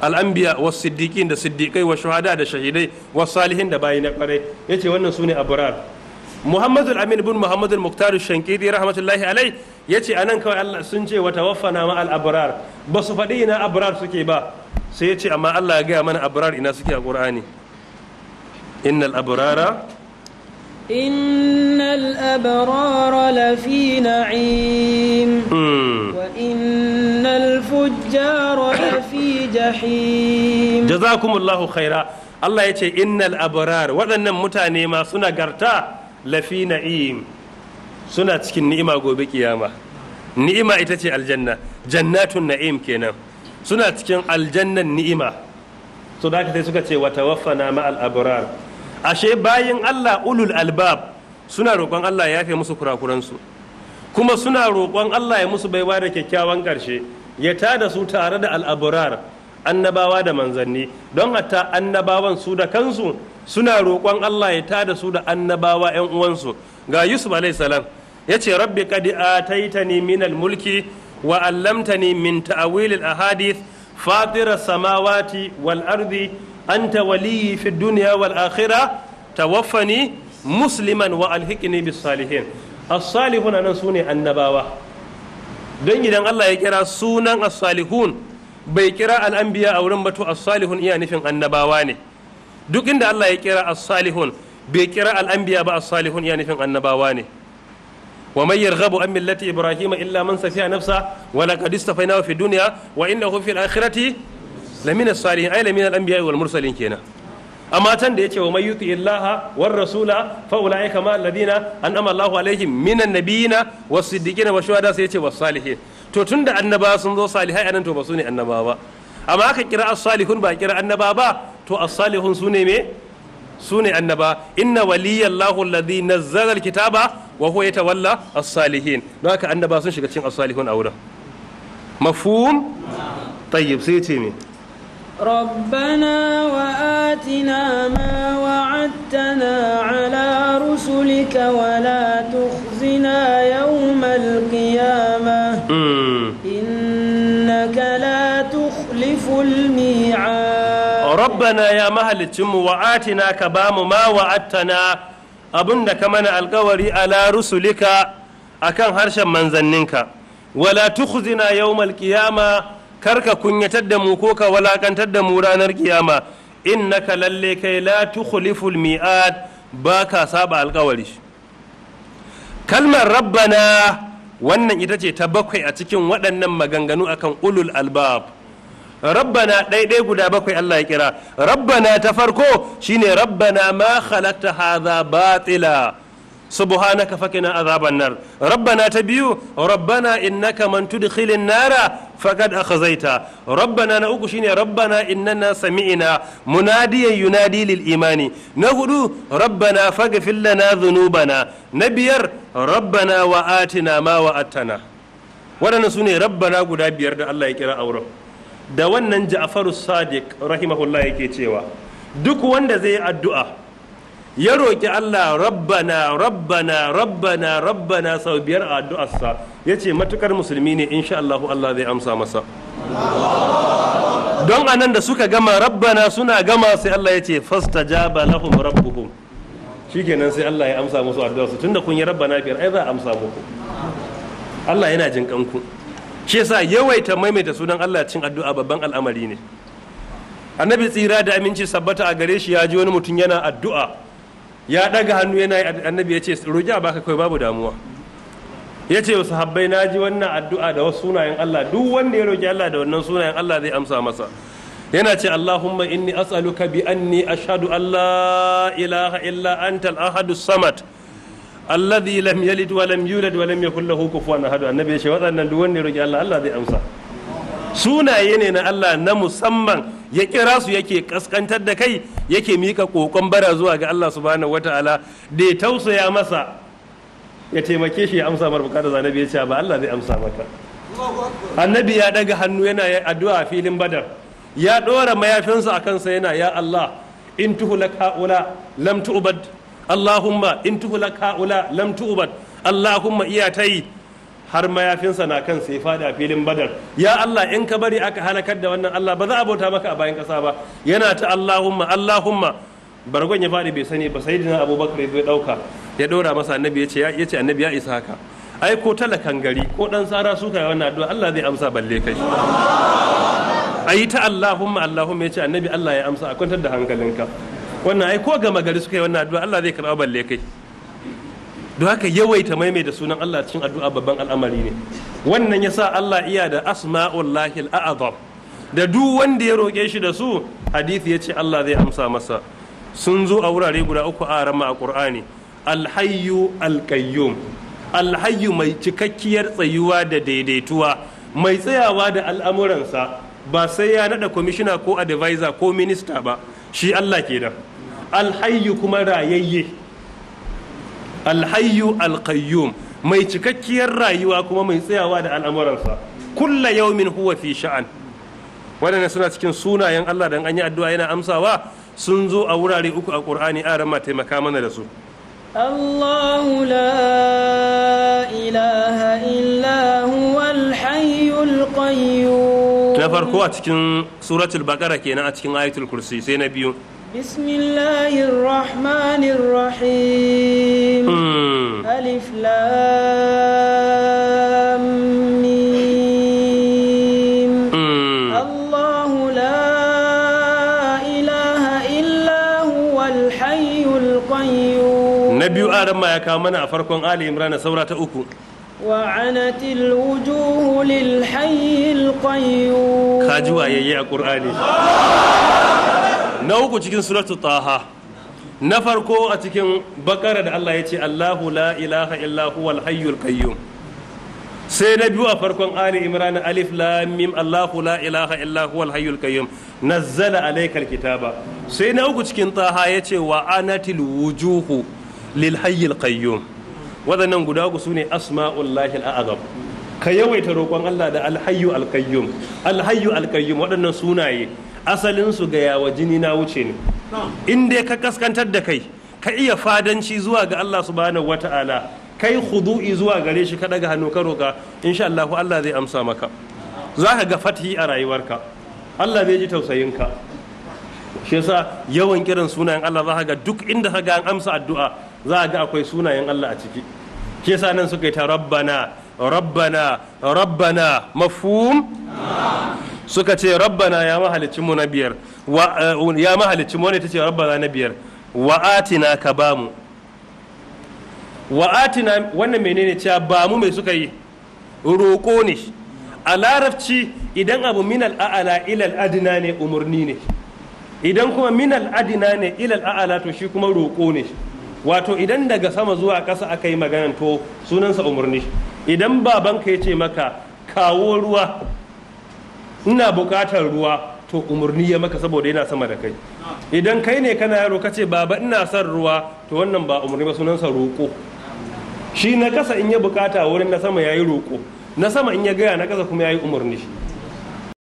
al anbiya was siddiqin da siddiqai was shuhada da shahidai was salihin da bayi na kwarai yace wannan sune abrar muhammadu al-amin bin muhammadu al-muktar shankidi rahmatullahi alai yace ce anan kawai allah sun ce wata waffana abrar ba su faɗi ina birar suke ba sai ya ce amma allah ya gaya mana abrar ina suke a ƙur'ani innal abrara إن الأبرار لفي نعيم وإن الفجار لفي جحيم جزاكم الله خيرا الله يتي إن الأبرار وأن متاني ما سنة قرتا لفي نعيم سنة تكن نعمة قوبي قيامة نعمة إتتي الجنة جنات النعيم كينا سنة تكن الجنة النعمة سنة كتسكتي وتوفنا مع الأبرار ashe bayin Allah ulul albab suna roƙon Allah ya yafe musu kurakuransu kuma suna roƙon Allah ya musu baiwa da kyakkyawan ƙarshe ya ta da su tare da al'aburar annabawa da manzanni don hatta annabawan su da kansu suna roƙon Allah ya da su da annabawa 'yan uwansu ga Yusuf alayhi ya ce rabbi kadi a Taita ni min mulki wa allamtani min ta'awilil al ahadith fatir samawati wal ardi anta waliyi fid dunya wal akhirah tawaffani musliman wa alhiqni bis salihin as-salihun anan sune annabawa don idan Allah ya kira sunan as bai kira al-anbiya a wurin batu as iya nufin annabawa ne duk inda Allah ya kira as-salihun bai kira al'ambiya ba as-salihun iya nufin annabawa ne ومن يرغب عن ملة إبراهيم إلا من سفيها نفسه ولقد اصطفيناه في الدنيا وإنه في الآخرة lamina salihin ai lamina anbiya wal mursalin kenan amma tan da yace wa may yuti illaha war rasula fa ulaika ma alladina an'ama Allahu alaihim minan nabiyina was siddiqina wa shuhada sai yace was salihin to tunda annaba sun zo salihai anan to ba su ne annaba ba amma aka kira as-salihun ba kira annaba ba to as-salihun su ne me su ne annaba inna waliyallahu alladhi nazzala al-kitaba wa huwa yatawalla as-salihin don haka annaba sun shiga cikin as-salihun a wurin mafhum tayyib sai ce me ربنا وآتنا ما وعدتنا على رسلك ولا تخزنا يوم القيامة إنك لا تخلف الميعاد ربنا يا مهلتم وآتنا كبام ما وعدتنا abinda ka mana alkawari ala rusulika akan harshen manzanninka wala tukhzina yawmal qiyamah kar ka kunyatar da mu ko ka walakantar da mu ranar kiyama innaka lalle kai la tukhliful mi'ad ba ka saba alkawari kalmar rabbana wannan ita ce ta bakwai a cikin waɗannan maganganu akan ulul albab rabbana ɗaiɗai guda bakwai Allah ya kira rabbana ta farko shine rabbana ma khalaqta hadha batila subhanaka fakina azaban nar rabbana ta biyu rabbana innaka man tudkhilin nara faqad akhzaita rabbana na uku shine rabbana innana sami'na munadiyan yunadi lil imani na hudu rabbana faghfir lana dhunubana na biyar rabbana wa atina ma wa'attana waɗannan su ne rabbana guda biyar da Allah ya kira auren da wannan ja'faru sadiq rahimahullah yake cewa duk wanda zai yi addu'a ya roƙi Allah rabbana rabbana rabbana rabbana sau biyar a addu'arsa ya ce matukar musulmi ne insha Allah Allah zai amsa masa don anan da suka gama rabbana suna gama sai Allah ya ce fastajaba lahum rabbuhum kenan sai Allah ya amsa musu addu'arsu tunda kun yi rabbana biyar ai za a amsa muku Allah yana jin kanku shi yasa yawaita maimaita sunan Allah cin addu'a babban al'amari ne annabi tsira da aminci sabbata a gare shi ya ji wani mutum yana addu'a ya daga hannu yana annabi ya ce roƙi a baka kai babu damuwa ya ce wasu habbai na ji wannan addu'a da wasu sunayen Allah duk wanda ya roƙi Allah da wannan sunayen Allah zai amsa masa yana ce Allahumma inni as'aluka bi anni ashhadu an ilaha illa anta al-ahadu samad alladhi lam yalid wa lam yulad wa lam yakul lahu kufuwan ahad annabi ya ce waɗannan duk wanda ya roƙi Allah Allah zai amsa sunaye ne na Allah na musamman ya kira su yake kaskantar da kai yake mika kokon bara zuwa ga Allah subhanahu wataala da ya tausaya masa ya taimake shi ya amsa mar bukatar zanabi ya ce ba Allah zai amsa maka annabi ya daga hannu yana addu'a a filin badar ya dora mayafinsa a kansa yana ya Allah in tuhlak haula lam tu'bad Allahumma in tuhlak lam tu'bad Allahumma iya yi. har mayafinsa na kan sai fadi a filin badar ya Allah in ka bari aka halakar da wannan Allah ba za a bauta maka a bayan kasa ba yana ta Allahumma Allahumma bargon ya fadi bai sani ba sayyidina Abubakar ya dauka ya dora masa annabi ya ce ya ce annabi ya isa haka ai ko talakan gari ko dan tsara suka yi wannan addu'a Allah zai amsa balle kai ayi ta Allahumma Allahumma ya ce annabi Allah ya amsa a kwantar da hankalinka wannan ai ko gama gari suka yi wannan addu'a Allah zai karba balle kai don haka yawaita maimaita sunan Allah cikin addu'a babban al'amari ne wannan yasa Allah iya da asma'ullahi al'azam da duk wanda ya roƙe shi da su hadisi ya ce Allah zai amsa masa sun zo a wurare guda uku a rama a Qur'ani alhayyu alqayyum alhayyu mai cikakkiyar tsayuwa da daidaituwa mai tsayawa da al'amuransa ba sai ya nada kwamishina ko advisor ko minista ba shi Allah ke da alhayyu kuma rayayye Alhayu alkayyum mai cikakkiyar rayuwa kuma mai tsayawa da al'amuransa kulla yaumin huwa fi sha'an waɗanda suna cikin sunayen Allah dan an yi addu'a yana amsawa sun zo a wurare uku a Qur'ani a ran taimaka mana da su Allahu la ilaha illa huwal hayyul qayyum na farko a cikin suratul baqara kenan a cikin ayatul kursi sai na biyu بسم الله الرحمن الرحيم ألف لام ميم الله لا إله إلا هو الحي القيوم نبي آدم ما يكامنا أفركم آل إمران سورة أكو وعنت الوجوه للحي القيوم كاجوا يا قرآني na uku cikin suratu taha na farko a cikin bakara da Allah ya ce Allahu la ilaha illa huwal hayyul qayyum sai na biyu a farkon ali imran alif lam mim Allahu la ilaha illa huwal hayyul qayyum nazzala alaykal kitaba sai na uku cikin taha ya ce wa anatil wujuhu lil hayyil qayyum wadannan guda uku sune asma'ul lahil' azam ka yawaita roƙon Allah da alhayyu alhayu alhayyu alkayyum waɗannan sunaye asalinsu ga yawa jini na wuce ne in dai ka kaskantar da kai ka iya fadanci zuwa ga Allah subhanahu wata'ala kai khudu'i zuwa gare shi ka daga hannu ka roka insha Allah Allah zai amsa maka za ka ga fathi a rayuwarka Allah zai ji tausayinka shi yasa yawan kiran sunayen Allah za ka ga duk inda ka ga an amsa addu'a za ka ga akwai sunayen Allah a ciki shi yasa nan suka yi ta rabbana rabbana rabbana mafhum suka ce rabbana ya mahalicci mu na biyar eh, ya mahalicci mu ne ce rabbana na biyar wa atina ka bamu wa wannan menene cewa ba mu mai suka yi roƙo ne a larabci idan abu minal a'ala ilal adina ne umarni ne idan kuma minal adina ne ilal a'ala to shi kuma roƙo ne wato idan daga sama zuwa ƙasa aka yi magana to sunansa umarni idan babanka ya ce maka kawo ruwa ina bukatar ruwa to umarni ya maka saboda yana sama da kai idan kai ne kana yaro kace ce baba ina son ruwa to wannan ba umarni ba sunansa roko shi na kasa in ya bukata wurin na sama yayi roko na sama in ya gaya na kasa kuma yayi umarni shi